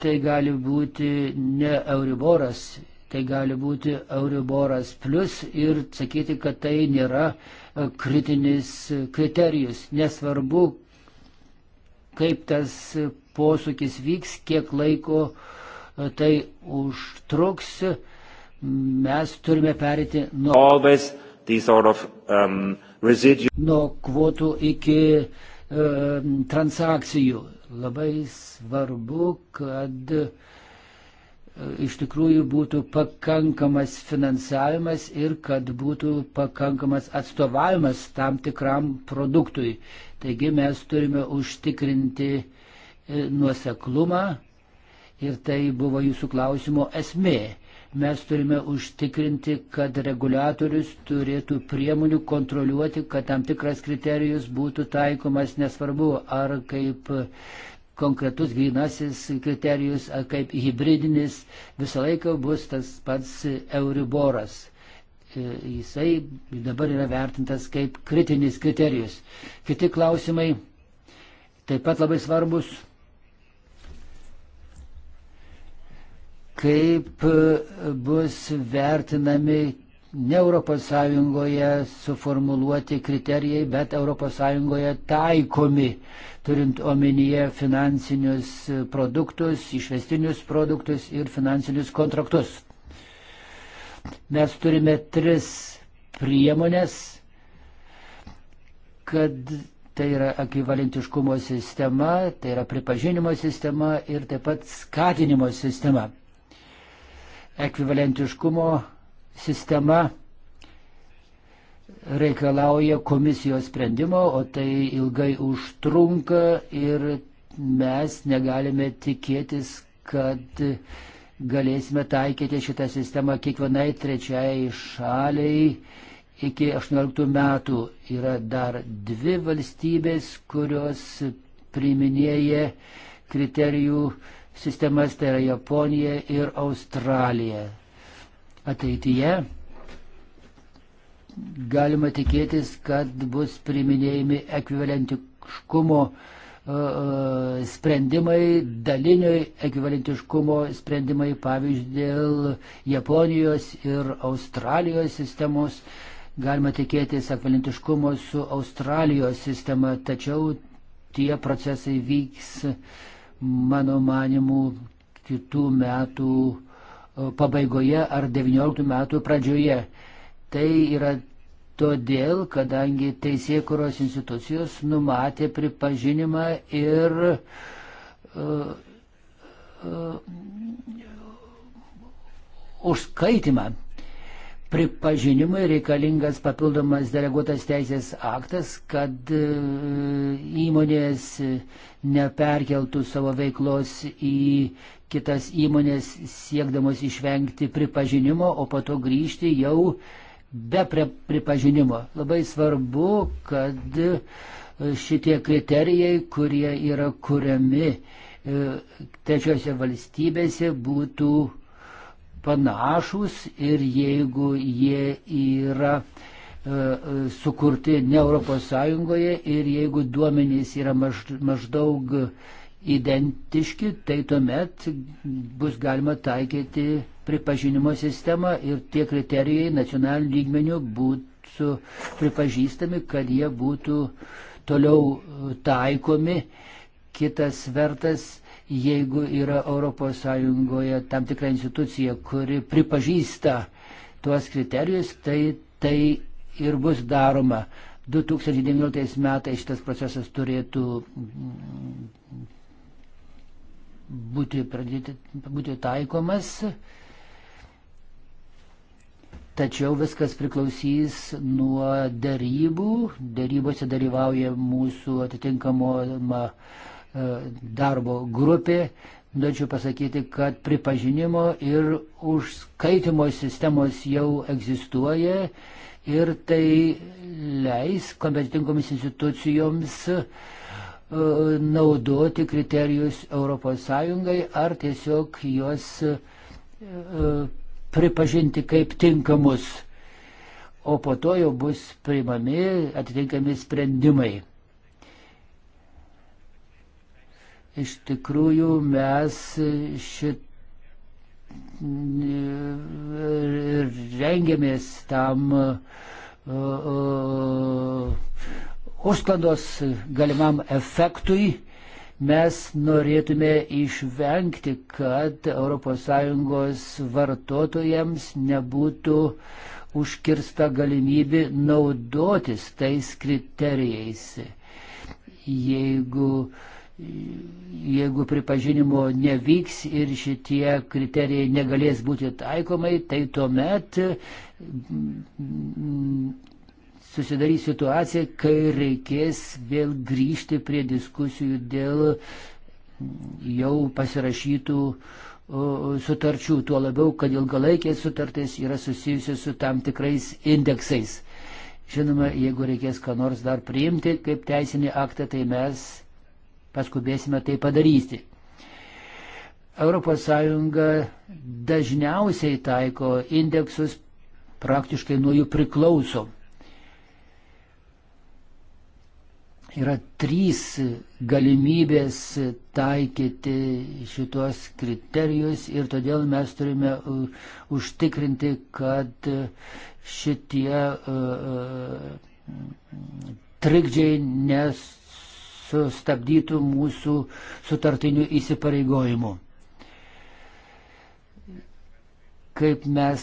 Tai gali būti ne Euriboras tai gali būti Euriboras plus ir sakyti, kad tai nėra e, kritinis e, kriterijus. Nesvarbu, kaip tas e, posūkis vyks, kiek laiko tai užtruks, mes turime perėti nuo, Always, sort of, um, residual... nuo kvotų iki um, transakcijų. Labai svarbu, kad uh, iš tikrųjų būtų pakankamas finansavimas ir kad būtų pakankamas atstovavimas tam tikram produktui. Taigi mes turime užtikrinti e, nuoseklumą ir tai buvo jūsų klausimo esmė. Mes turime užtikrinti, kad reguliatorius turėtų priemonių kontroliuoti, kad tam tikras kriterijus būtų taikomas nesvarbu ar kaip uh, konkretus grinasis kriterijus, ar kaip hybridinis, visą laiką bus tas pats euriboras. E, jisai dabar yra vertintas kaip kritinis kriterijus. Kiti klausimai taip pat labai svarbus. Kaip e, bus vertinami ne ES suformuluoti kriterijai, bet ES taikomi, turint omenyje finansinius produktus, išvestinius produktus ir finansinius kontraktus. Mes turime tris priemonės, kad tai yra ekvivalentiškumo sistema, tai yra pripažinimo sistema ir taip pat skatinimo sistema. Ekvivalentiškumo sistema reikalauja komisijos sprendimo, o tai ilgai užtrunka ir mes negalime tikėtis, kad galėsime taikyti šitą sistemą kiekvienai trečiai šaliai. Iki 18 metų yra dar dvi valstybės, kurios priminėja kriterijų sistemas, tai yra Japonija ir Australija ateityje galima tikėtis, kad bus priminėjami ekvivalentiškumo e, e, sprendimai, dalinio ekvivalentiškumo sprendimai, pavyzdžiui, dėl Japonijos ir Australijos sistemos. Galima tikėtis ekvivalentiškumo su Australijos sistema, tačiau tie procesai vyks, mano manimu, kitų metų uh, pabaigoje ar 19 metų pradžioje. Tai yra todėl, kadangi teisėkuros institucijos numatė pripažinimą ir uh, uh, užskaitimą. Pripažinimui reikalingas papildomas deleguotas teisės aktas, kad e, įmonės neperkeltų savo veiklos į kitas įmonės siekdamos išvengti pripažinimo, o po to grįžti jau be pripažinimo. Labai svarbu, kad e, šitie kriterijai, kurie yra kuriami e, trečiose valstybėse, būtų panašus ir jeigu jie yra e, sukurti ne Europos Sąjungoje ir jeigu duomenys yra maždaug identiški, tai tuomet bus galima taikyti pripažinimo sistemą ir tie kriterijai nacionaliniu lygmeniu būtų pripažįstami, kad jie būtų toliau taikomi. Kitas vertas, jeigu yra ES tam tikra institucija, kuri pripažįsta tuos kriterijus, tai tai ir bus daroma. 2019 metais šitas procesas turėtų būti, pradėti, būti taikomas, tačiau viskas priklausys nuo darybų. Darybose dalyvauja mūsų atitinkamo e, darbo grupė. Norėčiau pasakyti, kad pripažinimo ir užskaitimo sistemos jau egzistuoja ir tai leis kompetingoms institucijoms uh, naudoti kriterijus ES ar tiesiog juos e, pripažinti kaip tinkamus, o po to jau bus priimami atitinkami sprendimai. Iš tikrųjų mes šit e, rengiamės tam uh, uh, užsklandos galimam efektui mes norėtume išvengti, kad ES vartotojams nebūtų užkirsta galimybė naudotis tais kriterijais. Jeigu, jeigu pripažinimo nevyks ir šitie kriterijai negalės būti taikomai, tai tuomet susidarys situacija, kai reikės vėl grįžti prie diskusijų dėl jau pasirašytų sutarčių, tuo labiau, kad ilgalaikės sutartys yra susijusios su tam tikrais indeksais. Žinoma, jeigu reikės ką nors dar priimti kaip teisinį aktą, tai mes paskubėsime tai padaryti. ES dažniausiai taiko indeksus praktiškai nuo jų priklausom. yra trys galimybės taikyti šitos kriterijus ir todėl mes turime uh, užtikrinti, kad šitie uh, uh, trikdžiai nesustabdytų mūsų sutartinių įsipareigojimų. Kaip mes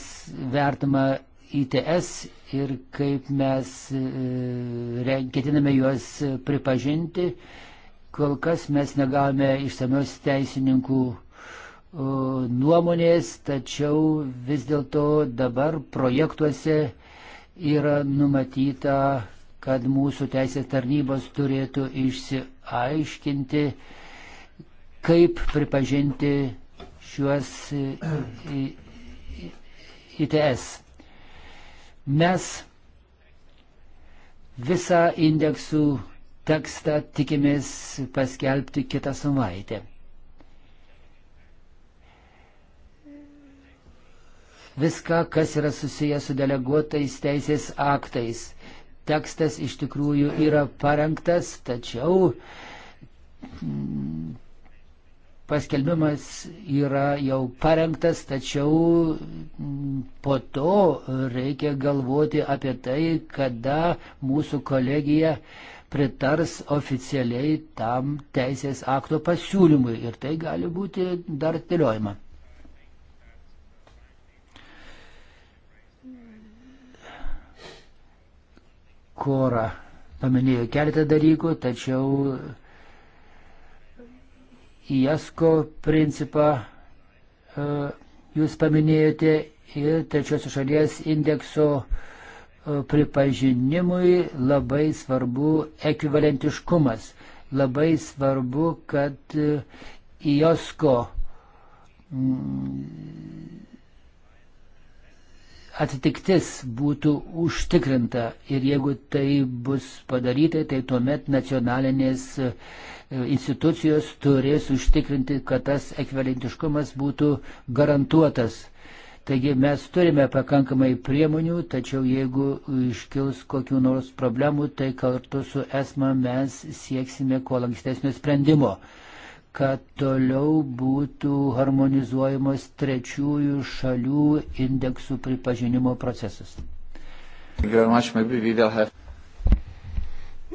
vertame ITS ir kaip mes e, ketiname juos pripažinti. Kol kas mes negavome išsamios teisininkų nuomonės, tačiau vis dėlto dabar projektuose yra numatyta, kad mūsų teisės tarnybos turėtų išsiaiškinti, kaip pripažinti šiuos e, e, ITS. Mes visą indeksų tekstą tikimės paskelbti kitą savaitę. Viską, kas yra susijęs su deleguotais teisės aktais. Tekstas iš tikrųjų yra parengtas, tačiau paskelbimas yra jau parengtas, tačiau po to reikia galvoti apie tai, kada mūsų kolegija pritars oficialiai tam teisės akto pasiūlymui ir tai gali būti dar dėliojama. Kora paminėjo keletą dalykų, tačiau IASCO principą e, jūs paminėjote ir trečiosios šalies indekso e, pripažinimui labai svarbu ekvivalentiškumas. Labai svarbu, kad IOSCO e, atitiktis būtų užtikrinta ir jeigu tai bus padaryta, tai tuomet nacionalinės e, institucijos turės užtikrinti, kad tas ekvivalentiškumas būtų garantuotas. Taigi mes turime pakankamai priemonių, tačiau jeigu iškils kokių nors problemų, tai kartu su ESMA mes sieksime kuo lankstesnio sprendimo kad toliau būtų harmonizuojamos trečiųjų šalių indeksų pripažinimo procesas.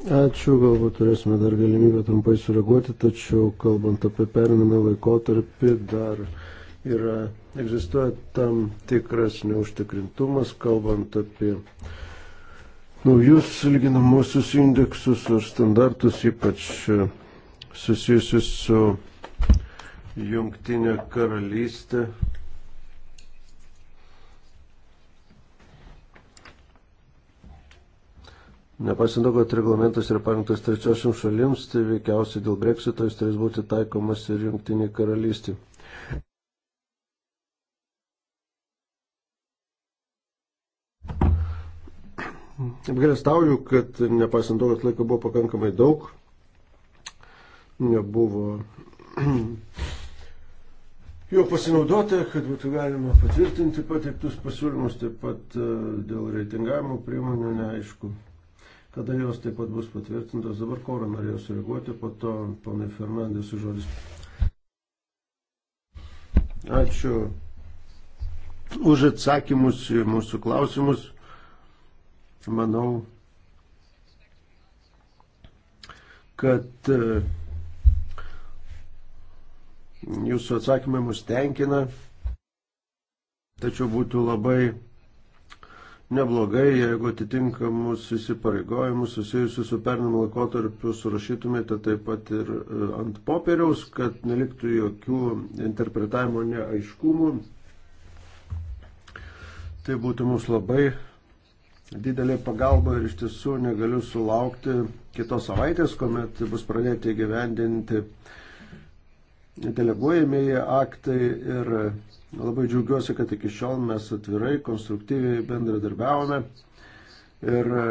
Ačiū, galbūt turėsime dar galimybę trumpai sureaguoti, tačiau kalbant apie perinamą laikotarpį, dar yra, egzistuoja tam tikras neužtikrintumas, kalbant apie naujus lyginamosius indeksus ir standartus, ypač susijusius su Jungtinė karalystė. Nepaisant to, kad reglamentas yra parengtas trečiosiam šalims, tai veikiausiai dėl breksito jis turės būti taikomas ir jungtiniai karalystė. Apgailestauju, kad nepaisant to, kad laiko buvo pakankamai daug, nebuvo jo pasinaudota, kad būtų galima patvirtinti pateiktus pasiūlymus, taip pat e, dėl reitingavimo priemonių neaišku, kada jos taip pat bus patvirtintos. Dabar Kora norėjo sureaguoti, po to ponai Fernandės žodis. Ačiū už atsakymus į mūsų klausimus. Manau, kad uh, Jūsų atsakymai mus tenkina, tačiau būtų labai neblogai, jeigu atitinkamus įsipareigojimus susijusius su pernamu laikotarpiu surašytumėte taip pat ir e, ant popieriaus, kad neliktų jokių interpretavimo neaiškumų. Tai būtų mums labai didelė pagalba ir iš tiesų negaliu sulaukti kitos savaitės, kuomet bus pradėti gyvendinti deleguojamieji aktai ir labai džiaugiuosi, kad iki šiol mes atvirai, konstruktyviai bendradarbiavome ir e,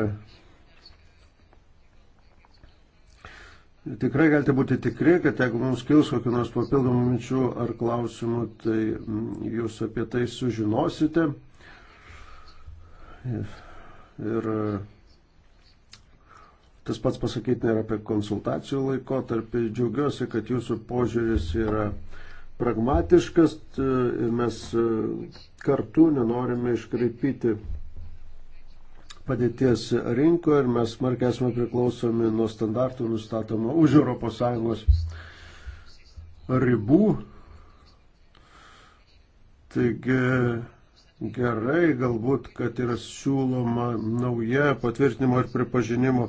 Tikrai galite būti tikri, kad jeigu mums kils kokių nors papildomų minčių ar klausimų, tai mm, jūs apie tai sužinosite. Ir, ir e, Tas pats pasakyti nėra apie konsultacijų laikotarpį. Džiaugiuosi, kad jūsų požiūris yra pragmatiškas ir mes e, kartu nenorime iškreipyti padėties rinkoje ir mes smarkiai esame priklausomi nuo standartų nustatomų už ES ribų. Taigi gerai galbūt, kad yra siūloma nauja patvirtinimo ir pripažinimo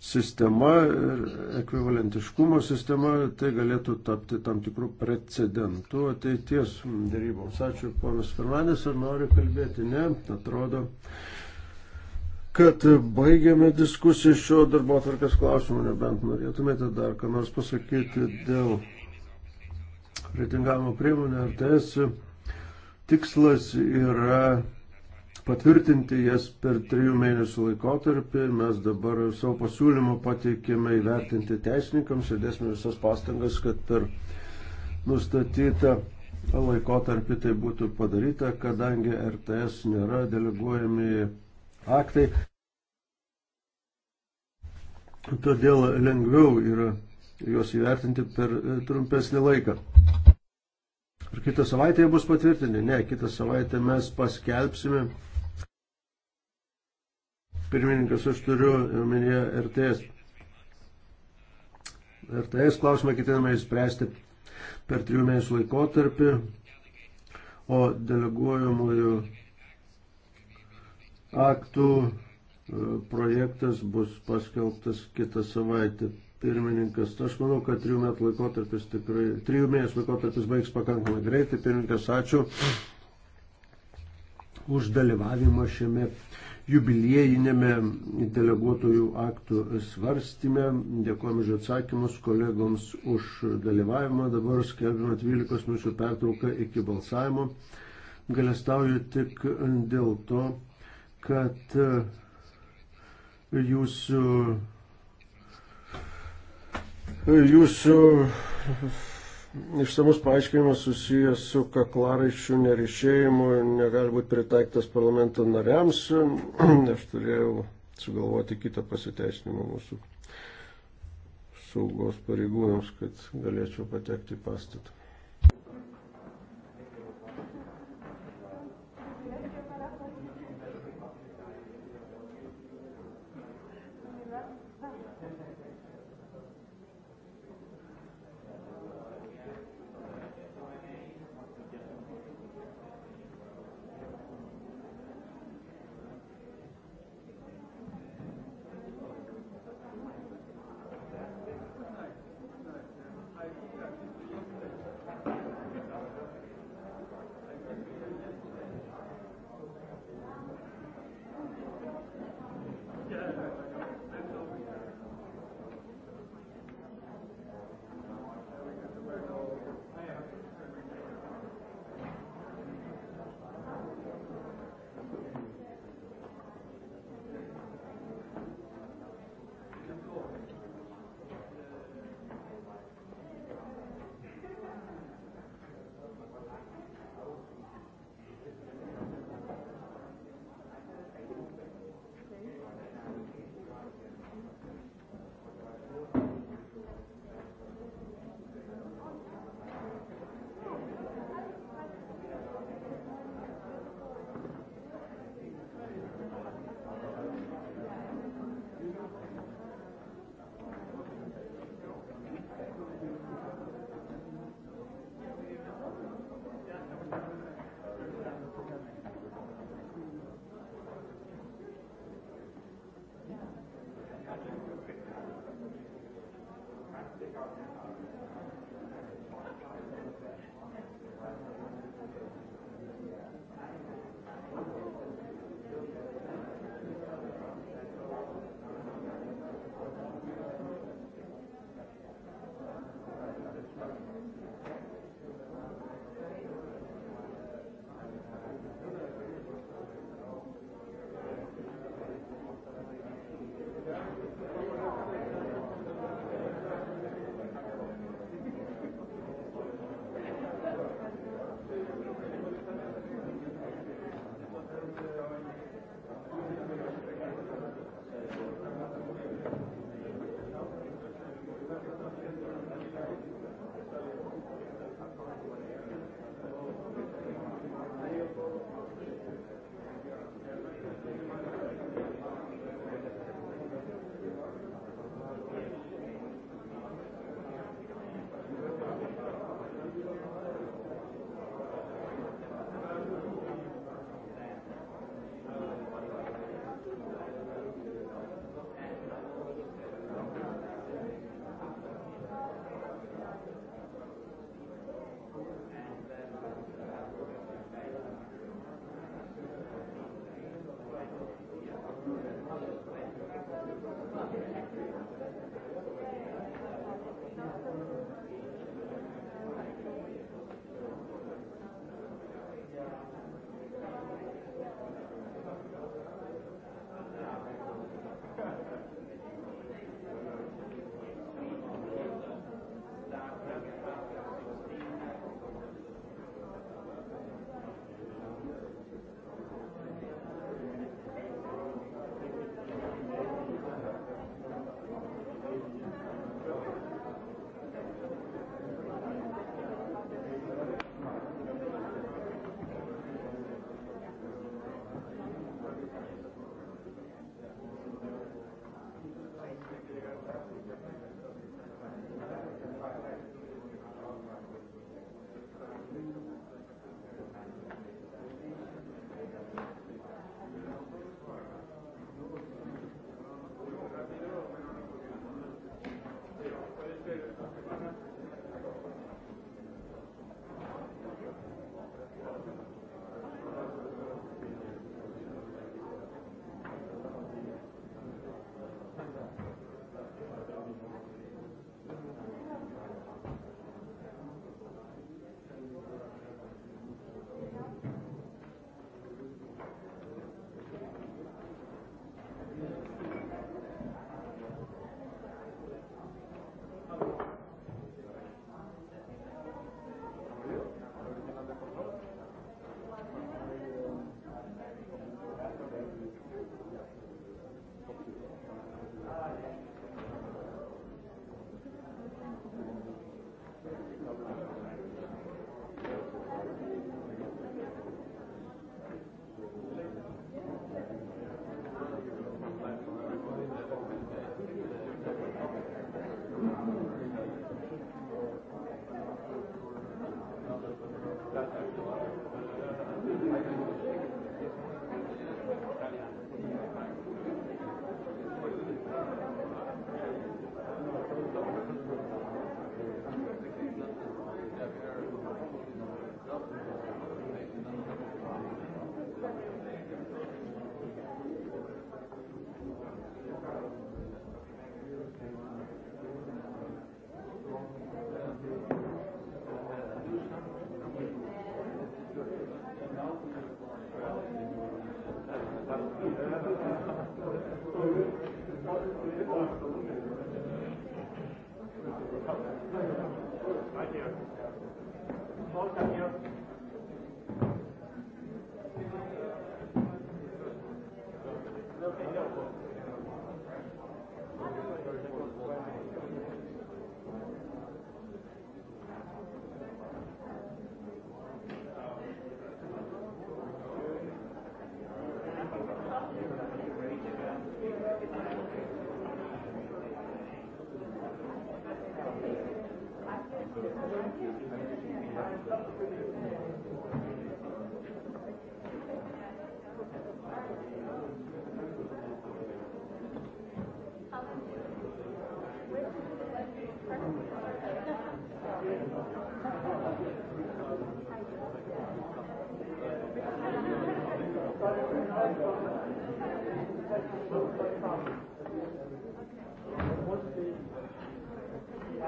sistema ir ekvivalentiškumo sistema, tai galėtų tapti tam tikrų precedentų ateities daryboms. Ačiū, ponas Fernandes, ar nori kalbėti? Ne, atrodo, kad baigiame diskusiją šio darbo atvarkės klausimų, nebent norėtumėte dar ką nors pasakyti dėl reitingavimo priemonė RTS tai tikslas yra patvirtinti jas per trijų mėnesių laikotarpį ir mes dabar savo pasiūlymą pateikėme įvertinti teisininkams ir dėsime visas pastangas, kad per nustatytą laikotarpį tai būtų padaryta, kadangi RTS nėra deleguojami aktai. Todėl lengviau yra juos įvertinti per trumpesnį laiką. Ar kitą savaitę jie bus patvirtinti? Ne, kitą savaitę mes paskelbsime Pirmininkas, aš turiu minėję RTS. RTS klausimą ketiname įspręsti per trijų mėnesių laikotarpį, o deleguojamųjų aktų e, projektas bus paskelbtas kitą savaitę. Pirmininkas, aš manau, kad trijų metų laikotarpis tikrai, trijų mėnesių laikotarpis baigs pakankamai greitai. Pirmininkas, ačiū už dalyvavimą šiame jubiliejinėme deleguotojų aktų svarstyme. Dėkojame už atsakymus kolegoms už dalyvavimą. Dabar skelbime 12 minučių pertrauką iki balsavimo. Galestauju tik dėl to, kad jūsų, jūsų išsamus paaiškinimas susijęs su kaklaraiščių nerišėjimu negali būti pritaiktas parlamento nariams. Aš turėjau sugalvoti kitą pasiteisinimą mūsų saugos pareigūnams, kad galėčiau patekti į pastatą.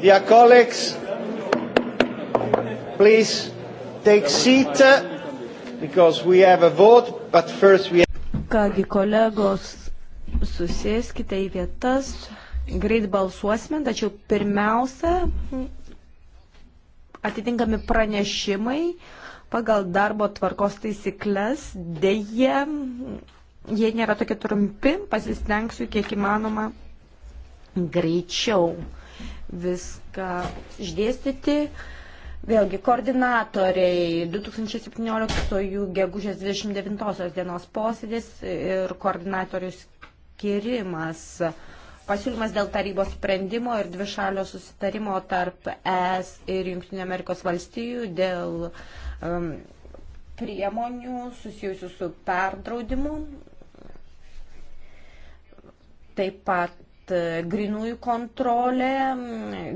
Dear colleagues, please take seat uh, because we have a vote, but first we have... Kągi kolegos, susėskite į vietas, greit balsuosime, tačiau pirmiausia atitinkami pranešimai pagal darbo tvarkos taisyklės, dėje jie nėra tokie trumpi, pasistengsiu kiek įmanoma greičiau viską išdėstyti. Vėlgi, koordinatoriai 2017 gegužės 29 dienos posėdis ir koordinatorių skirimas. Pasiūlymas dėl tarybos sprendimo ir dvišalio susitarimo tarp ES ir JAV dėl um, priemonių susijusių su perdraudimu. Taip pat pat e, grinųjų kontrolė,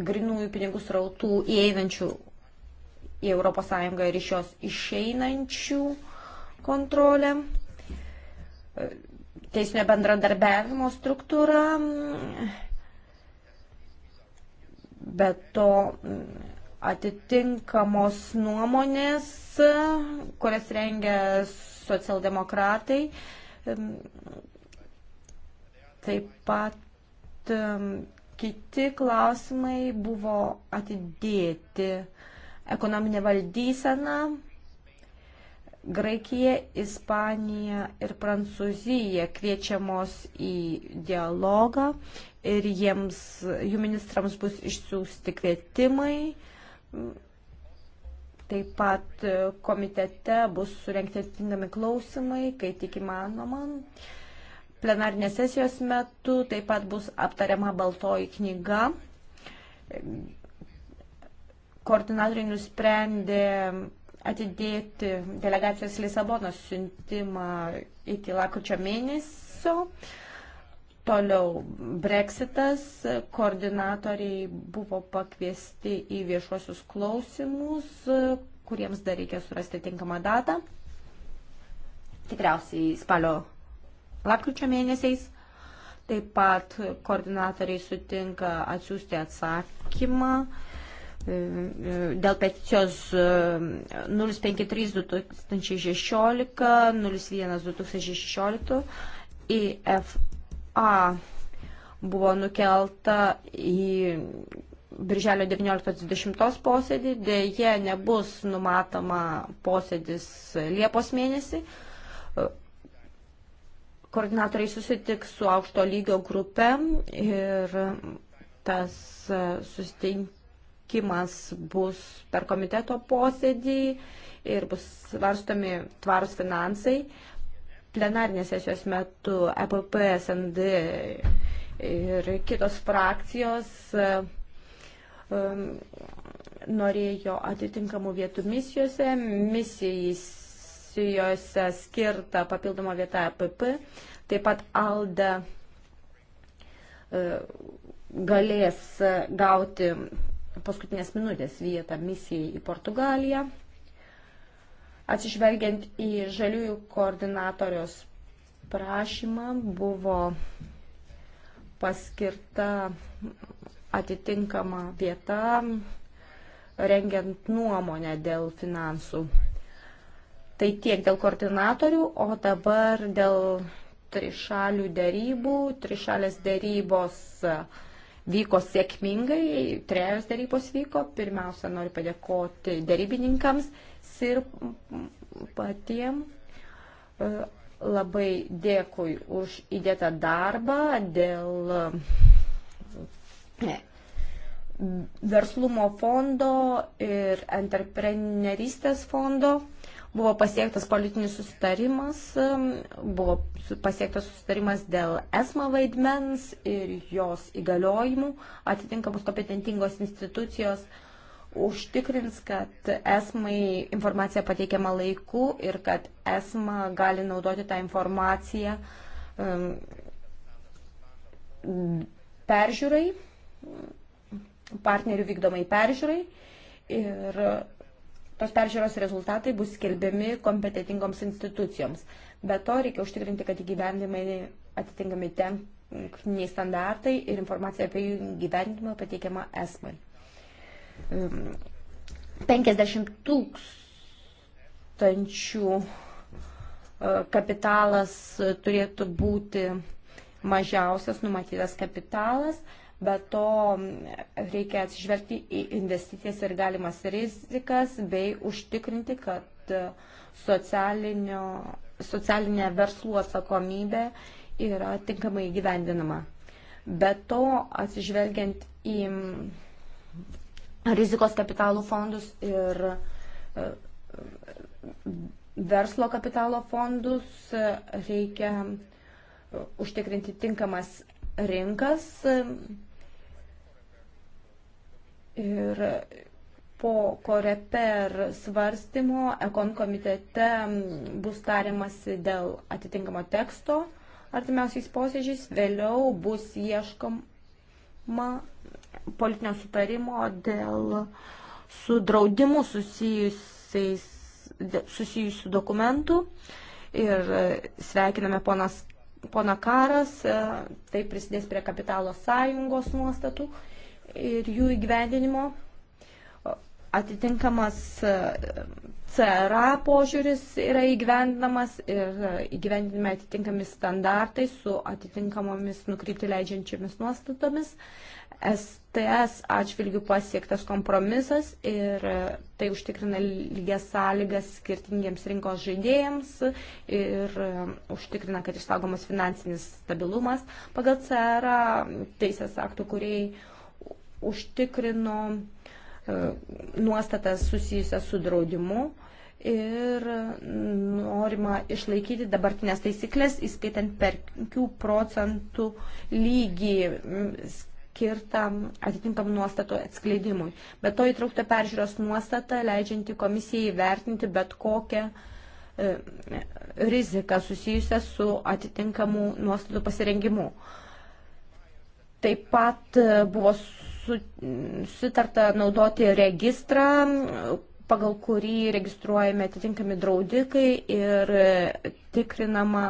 grinųjų pinigų srautų įeinančių į ES ir iš jos išeinančių kontrolė, e, teisinio bendradarbiavimo struktūra, bet to atitinkamos nuomonės, kurias rengia socialdemokratai, taip pat kiti klausimai buvo atidėti. Ekonominė valdysena, Graikija, Ispanija ir Prancūzija kviečiamos į dialogą ir jiems, jų ministrams bus išsiųsti kvietimai. Taip pat komitete bus surenkti atitinkami klausimai, kai tik įmanoma. Man Plenarnės sesijos metu taip pat bus aptariama baltoji knyga. Koordinatoriai nusprendė atidėti delegacijos Lisabonos siuntimą iki lakučio mėnesio. Toliau Brexitas, koordinatoriai buvo pakviesti į viešuosius klausimus, kuriems dar reikia surasti tinkamą datą. Tikriausiai spalio lapkričio mėnesiais. Taip pat koordinatoriai sutinka atsiųsti atsakymą e, e, dėl peticijos 053-2016, 01-2016 į FA buvo nukelta į Birželio 19-20 posėdį, dėje nebus numatoma posėdis Liepos mėnesį. Koordinatoriai susitiks su aukšto lygio grupe ir tas e, susitikimas bus per komiteto posėdį ir bus svarstomi tvarus finansai. Plenarinės sesijos metu EPP, SND ir kitos frakcijos e, e, norėjo atitinkamų vietų misijose. Misijais frakcijose skirta papildoma vieta APP, e taip pat ALDE e, galės gauti paskutinės minutės vietą misijai į Portugaliją. Atsižvelgiant į žaliųjų koordinatorius prašymą buvo paskirta atitinkama vieta rengiant nuomonę dėl finansų Tai tiek dėl koordinatorių, o dabar dėl trišalių dėrybų. Trišalės dėrybos vyko sėkmingai, trejos dėrybos vyko. Pirmiausia, noriu padėkoti dėrybininkams ir patiem. E, labai dėkui už įdėtą darbą dėl e, verslumo fondo ir entreprenerystės fondo Buvo pasiektas politinis susitarimas, buvo pasiektas susitarimas dėl esmo vaidmens ir jos įgaliojimų. Atitinkamos kompetentingos institucijos užtikrins, kad esmai informacija pateikiama laiku ir kad esma gali naudoti tą informaciją um, peržiūrai, partnerių vykdomai peržiūrai. Ir Tos peržiūros rezultatai bus skelbiami kompetitingoms institucijoms. Be to reikia užtikrinti, kad įgyvendimai atitinkami tenkiniai standartai ir informacija apie jų gyvenimą pateikiama esmai. 50 tūkstančių e, kapitalas turėtų būti mažiausias numatytas kapitalas bet to reikia atsižvelgti į investicijas ir galimas rizikas, bei užtikrinti, kad socialinė verslų atsakomybė yra tinkamai gyvendinama. Be to, atsižvelgiant į rizikos kapitalų fondus ir e, verslo kapitalo fondus reikia e, užtikrinti tinkamas rinkas Ir po koreper svarstymo ekon komitete bus tariamasi dėl atitinkamo teksto artimiausiais posėdžiais, vėliau bus ieškama politinio sutarimo dėl su draudimu susijusiais, susijusių dokumentų ir sveikiname ponas, pona Karas, tai prisidės prie kapitalo sąjungos nuostatų ir jų įgyvendinimo. Atitinkamas e, CRA požiūris yra įgyvendinamas ir e, įgyvendinami atitinkami standartai su atitinkamomis nukrypti leidžiančiomis nuostatomis. STS atžvilgių pasiektas kompromisas ir e, tai užtikrina lygias sąlygas skirtingiems rinkos žaidėjams ir užtikrina, kad išsaugomas finansinis stabilumas. Pagal CR teisės aktų, kuriai užtikrino e, nuostatas susijusias su draudimu ir norima išlaikyti dabartinės taisyklės, įskaitant per 5 procentų lygį skirtam atitinkamų nuostatų atskleidimui. Bet to įtraukta peržiūros nuostata, leidžianti komisijai vertinti bet kokią e, riziką susijusią su atitinkamų nuostatų pasirengimu. Taip pat e, buvo sutarta naudoti registrą, pagal kurį registruojame atitinkami draudikai ir tikrinama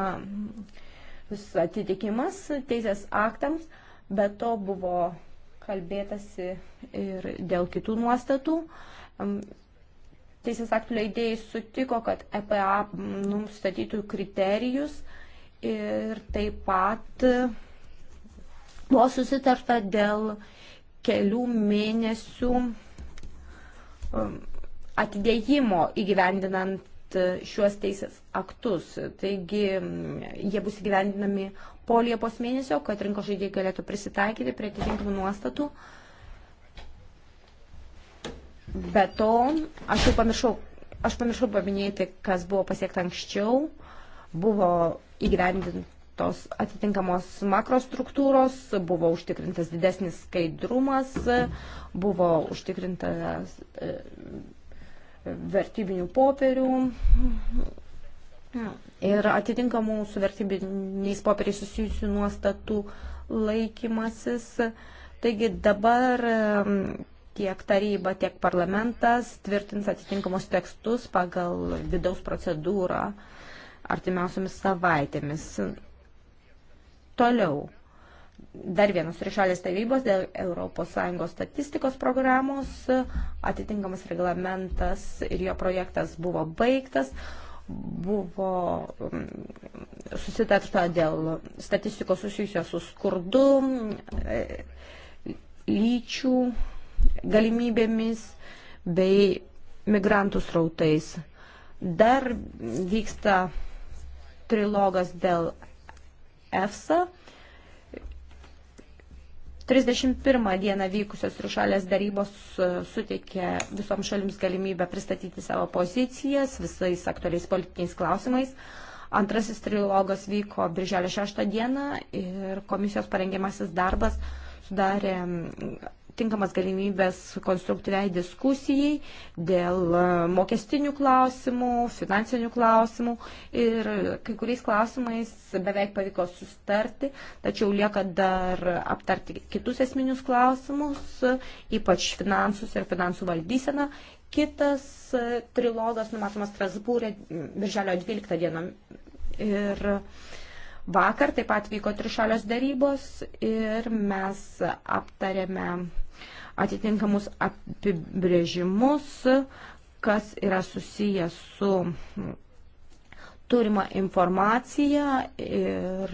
atitikimas teisės aktams, bet to buvo kalbėtasi ir dėl kitų nuostatų. Teisės aktų leidėjai sutiko, kad EPA nustatytų kriterijus ir taip pat buvo susitarta dėl uh, kelių mėnesių um, atidėjimo įgyvendinant uh, šiuos teisės aktus. Taigi um, jie bus įgyvendinami po Liepos mėnesio, kad rinkos žaidėjai galėtų prisitaikyti prie atitinkamų nuostatų. Be to, aš jau pamiršau, aš pamiršau paminėti, kas buvo pasiekta anksčiau. Buvo įgyvendinti tos atitinkamos makrostruktūros, buvo užtikrintas didesnis skaidrumas, buvo užtikrintas e, vertybinių popierių ir atitinkamų su vertybiniais popieriais susijusių nuostatų laikymasis. Taigi dabar e, tiek taryba, tiek parlamentas tvirtins atitinkamus tekstus pagal vidaus procedūrą artimiausiamis savaitėmis. Toliau. Dar vienas trišalės tarybos dėl ES statistikos programos, atitinkamas reglamentas ir jo projektas buvo baigtas, buvo mm, susitarta dėl statistikos susijusios su skurdu, e, lyčių galimybėmis bei migrantų srautais. Dar vyksta trilogas dėl EFSA. 31 dieną vykusios trišalės darybos e, suteikė visoms šalims galimybę pristatyti savo pozicijas visais aktualiais politiniais klausimais. Antrasis trilogas vyko birželio 6 dieną ir komisijos parengiamasis darbas sudarė tinkamas galimybės konstruktyviai diskusijai dėl e, mokestinių klausimų, finansinių klausimų ir kai kuriais klausimais beveik pavyko sustarti, tačiau lieka dar aptarti kitus esminius klausimus, ypač finansus ir finansų valdyseną. Kitas e, trilogas numatomas Strasbūrė birželio 12 dieną. Ir Vakar taip pat vyko trišalios darybos ir mes aptarėme atitinkamus apibrėžimus, kas yra susijęs su turima informacija ir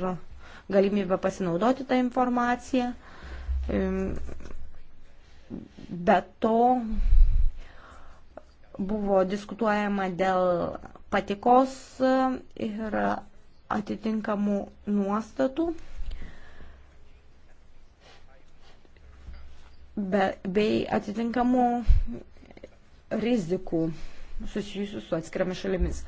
galimybę pasinaudoti tą informaciją. Be to buvo diskutuojama dėl patikos ir atitinkamų nuostatų. be, bei atitinkamų rizikų susijusių su atskiriamis šalimis.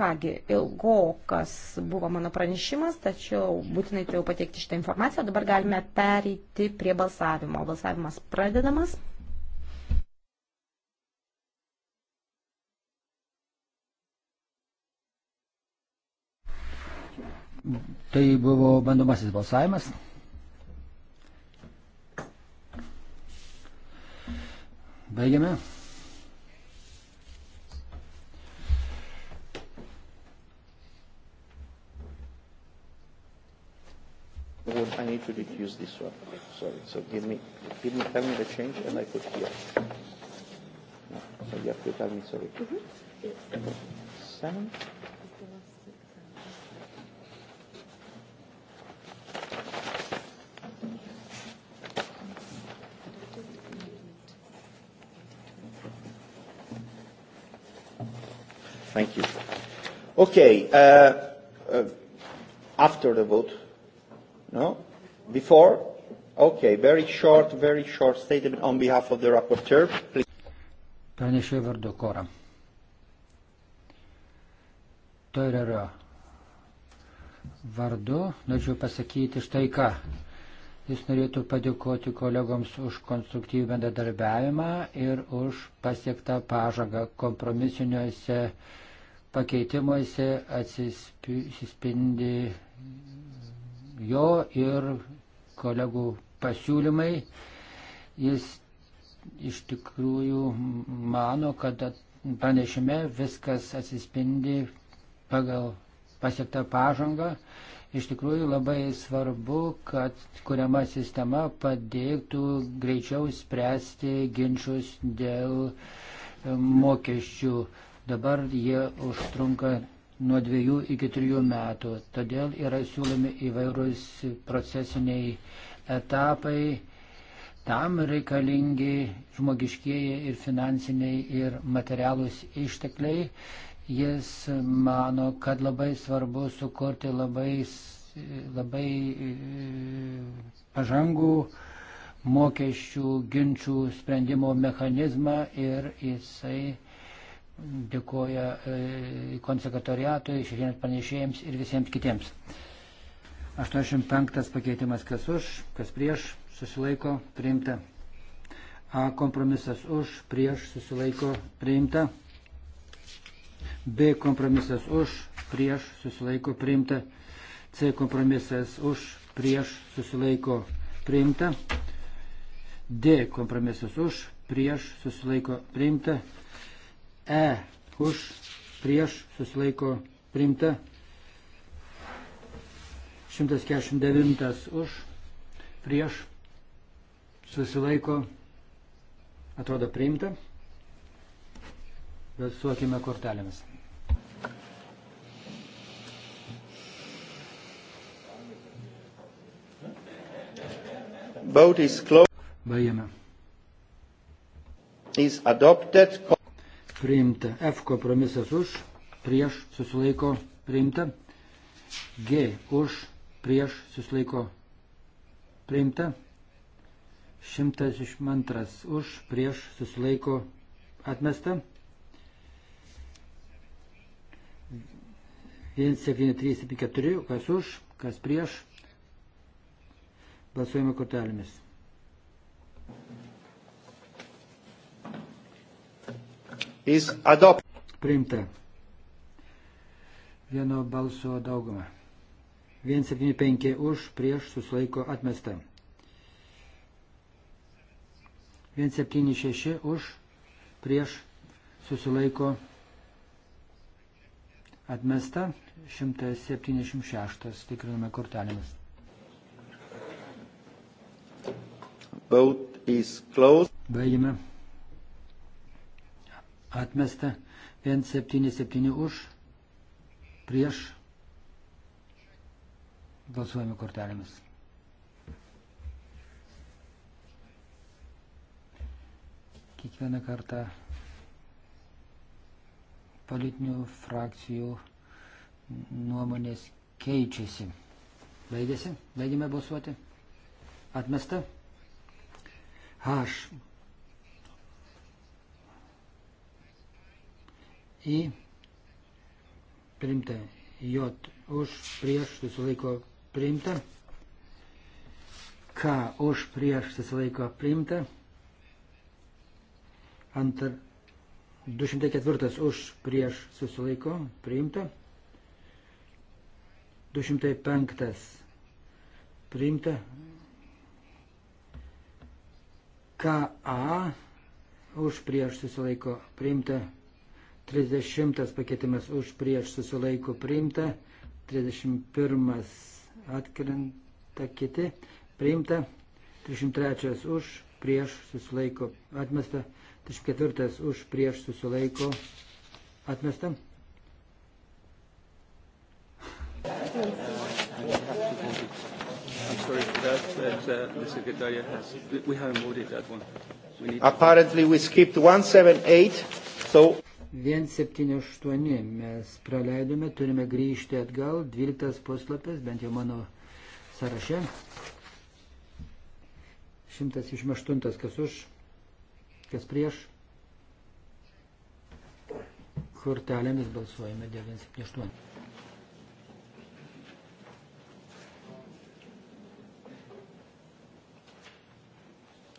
Kągi, ilgokas buvo mano pranešimas, tačiau būtinai turėjau pateikti šitą informaciją. Dabar galime pereiti prie balsavimo. Balsavimas pradedamas. Tai buvo bandomasis balsavimas. Baigiame. I need to reduce this one. Sorry. So give me, give me, tell me the change, and I put here. No, so you have to tell me. Sorry. Mm-hmm. Yes. Seven. Thank you. Okay. Uh, uh, after the vote? No? Before? Okay. Very short, very short statement on behalf of the rapporteur. Please. Pranešė vardu Kora. Toilerio vardu norėčiau pasakyti štai ką. Jis norėtų padėkoti kolegoms už konstruktyvų bendradarbiavimą ir už pasiektą pažangą kompromisiniuose pakeitimuose atsispindi jo ir kolegų pasiūlymai. Jis iš tikrųjų mano, kad pranešime viskas atsispindi pagal pasiektą pažangą Iš tikrųjų labai svarbu, kad kuriama sistema padėtų greičiau spręsti ginčius dėl e, mokesčių. Dabar jie užtrunka nuo dviejų iki trijų metų. Todėl yra siūlomi įvairūs procesiniai etapai. Tam reikalingi žmogiškieji ir finansiniai ir materialūs ištekliai. Jis mano, kad labai svarbu sukurti labai, labai e, pažangų mokesčių ginčių sprendimo mechanizmą ir jisai dėkoja e, konsekretoriatui, šešiems panešėjams ir visiems kitiems. 85 pakeitimas kas už, kas prieš, susilaiko, priimta. A kompromisas už, prieš, susilaiko, priimta. B kompromisas už, prieš susilaiko priimta. C kompromisas už, prieš susilaiko priimta. D kompromisas už, prieš susilaiko priimta. E už, prieš susilaiko priimta. 149 už, prieš susilaiko priimta atrodo priimta. Balsuokime kortelėmis. Vote is closed. Baigiame. Is adopted. Priimta. F kompromisas už, prieš susilaiko priimta. G už, prieš susilaiko priimta. 102 už, prieš susilaiko atmesta. 17374, kas už, kas prieš. Balsuojame kortelėmis. Is adopt. Priimta. Vieno balso daugumą. 175 už, prieš, susilaiko atmesta. 176 už, prieš, susilaiko atmesta. 176 tikriname kortelėmis. Vote is closed. Baigime. Atmesta 177 už, prieš. Balsuojame kortelėmis. Kiekvieną kartą politinių frakcijų nuomonės keičiasi. Baigėsi? Baigėme balsuoti? Atmesta? H. Į priimta J už prieš susilaiko priimta. K už prieš susilaiko priimta. Antar 204 už prieš susilaiko priimta. 205 priimta. KA už prieš susilaiko priimta. 30 pakeitimas už prieš susilaiko priimta. 31 atkrenta kiti priimta. 303 už prieš susilaiko atmesta. 34 už prieš susilaiko atmesta. I'm sorry for that, but uh, the Secretariat has... We haven't voted that one. We need Apparently we skipped 178, so... 178 mes praleidome, turime grįžti atgal, 12 puslapis, bent jau mano sąraše. 108 kas už, kas prieš. Kortelėmis balsuojame 978.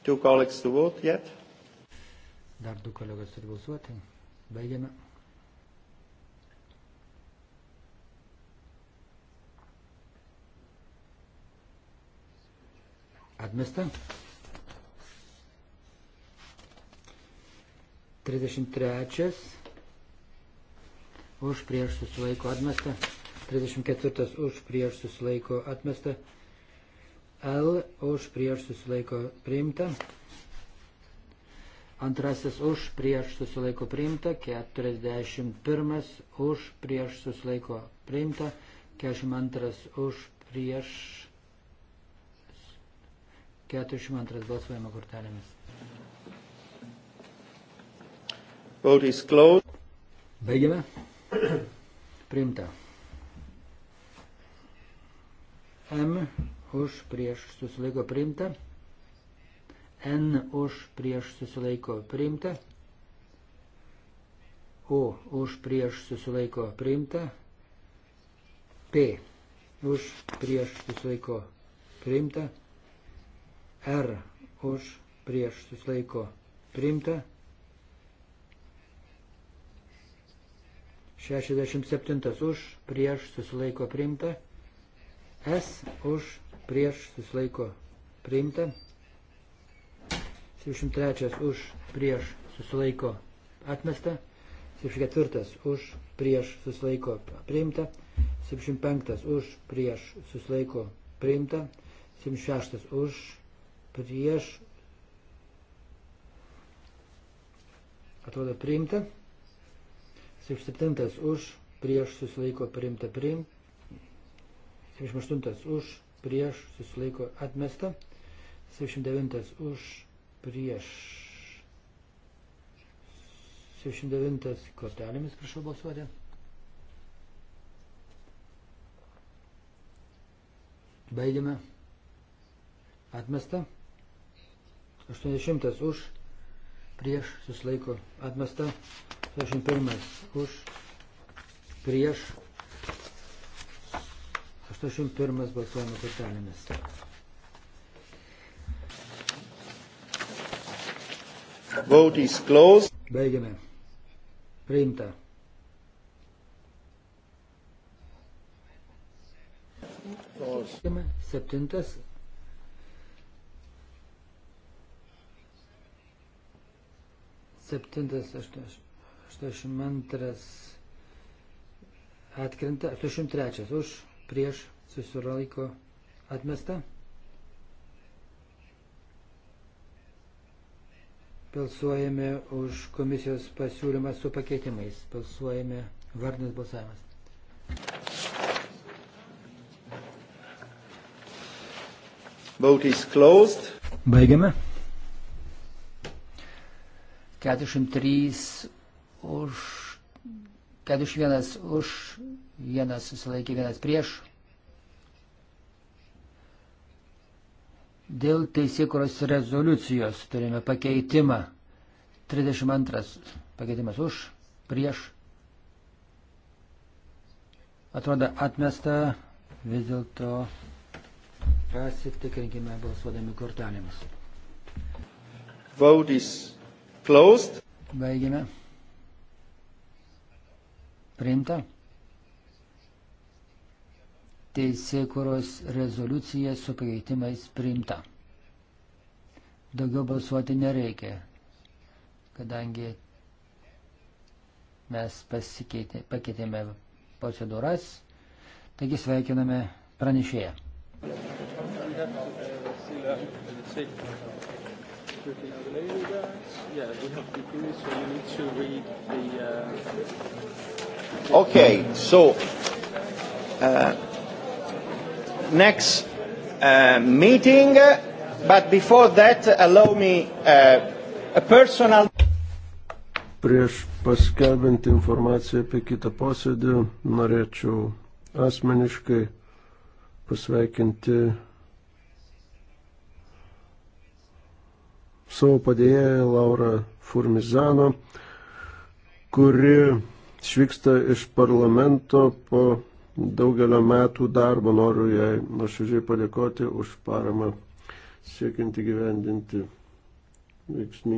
Two colleagues to vote yet? Dar du kolegos turi balsuoti. Baigiame. Atmesta. 33. Už prieš susilaiko atmesta. 34. Už prieš susilaiko atmesta. L už prieš susilaiko priimta. Antrasis už prieš susilaiko priimta. 41 už prieš susilaiko priimta. 42 už prieš. 42 balsuojama kortelėmis. Vote is closed. Baigiame. Priimta. M už prieš susilaiko priimta. N už prieš susilaiko priimta. O už prieš susilaiko priimta. P už prieš susilaiko priimta. R už prieš susilaiko priimta. 67 už prieš susilaiko priimta. S už prieš susilaiko priimta. 73 už prieš susilaiko atmesta. 74 už prieš susilaiko priimta. 75 už prieš susilaiko priimta. 76 už prieš atrodo priimta. 77 už prieš susilaiko priimta priimta. 78 už prieš susilaiko atmesta, 79 už prieš 79 kortelėmis prašau balsuoti. Baigiame. Atmesta. 80 už prieš susilaiko atmesta. 81 už prieš 81 balsuojame kortelėmis. Vote is closed. Baigiame. Priimta. Baigiame. Septintas. Septintas, aštuoniasdešimt antras atkrenta, 83 už prieš susilaiko atmesta. Balsuojame už komisijos pasiūlymą su pakeitimais. Balsuojame vardinis balsavimas. Vote is closed. Baigiame. 43 už, 41 už vienas susilaikė, vienas prieš. Dėl teisėkuros rezoliucijos turime pakeitimą. 32 pakeitimas už, prieš. Atrodo atmesta, vis dėlto pasitikrinkime balsuodami kortelėmis. Vote is closed. Baigime. Priimta teisėkuros rezoliucija su pakeitimais priimta. Daugiau balsuoti nereikia, kadangi mes pakeitėme procedūras, taigi sveikiname pranešėją. Okay, so uh, next uh, meeting. But before that, allow me uh, a personal. Prieš paskelbinti informaciją apie kitą posėdį, norėčiau asmeniškai pasveikinti savo padėjėją Laurą Furmizano, kuri išvyksta iš parlamento po daugelio metų darbo. Noriu jai nuoširdžiai padėkoti už paramą siekiant įgyvendinti veiksmį.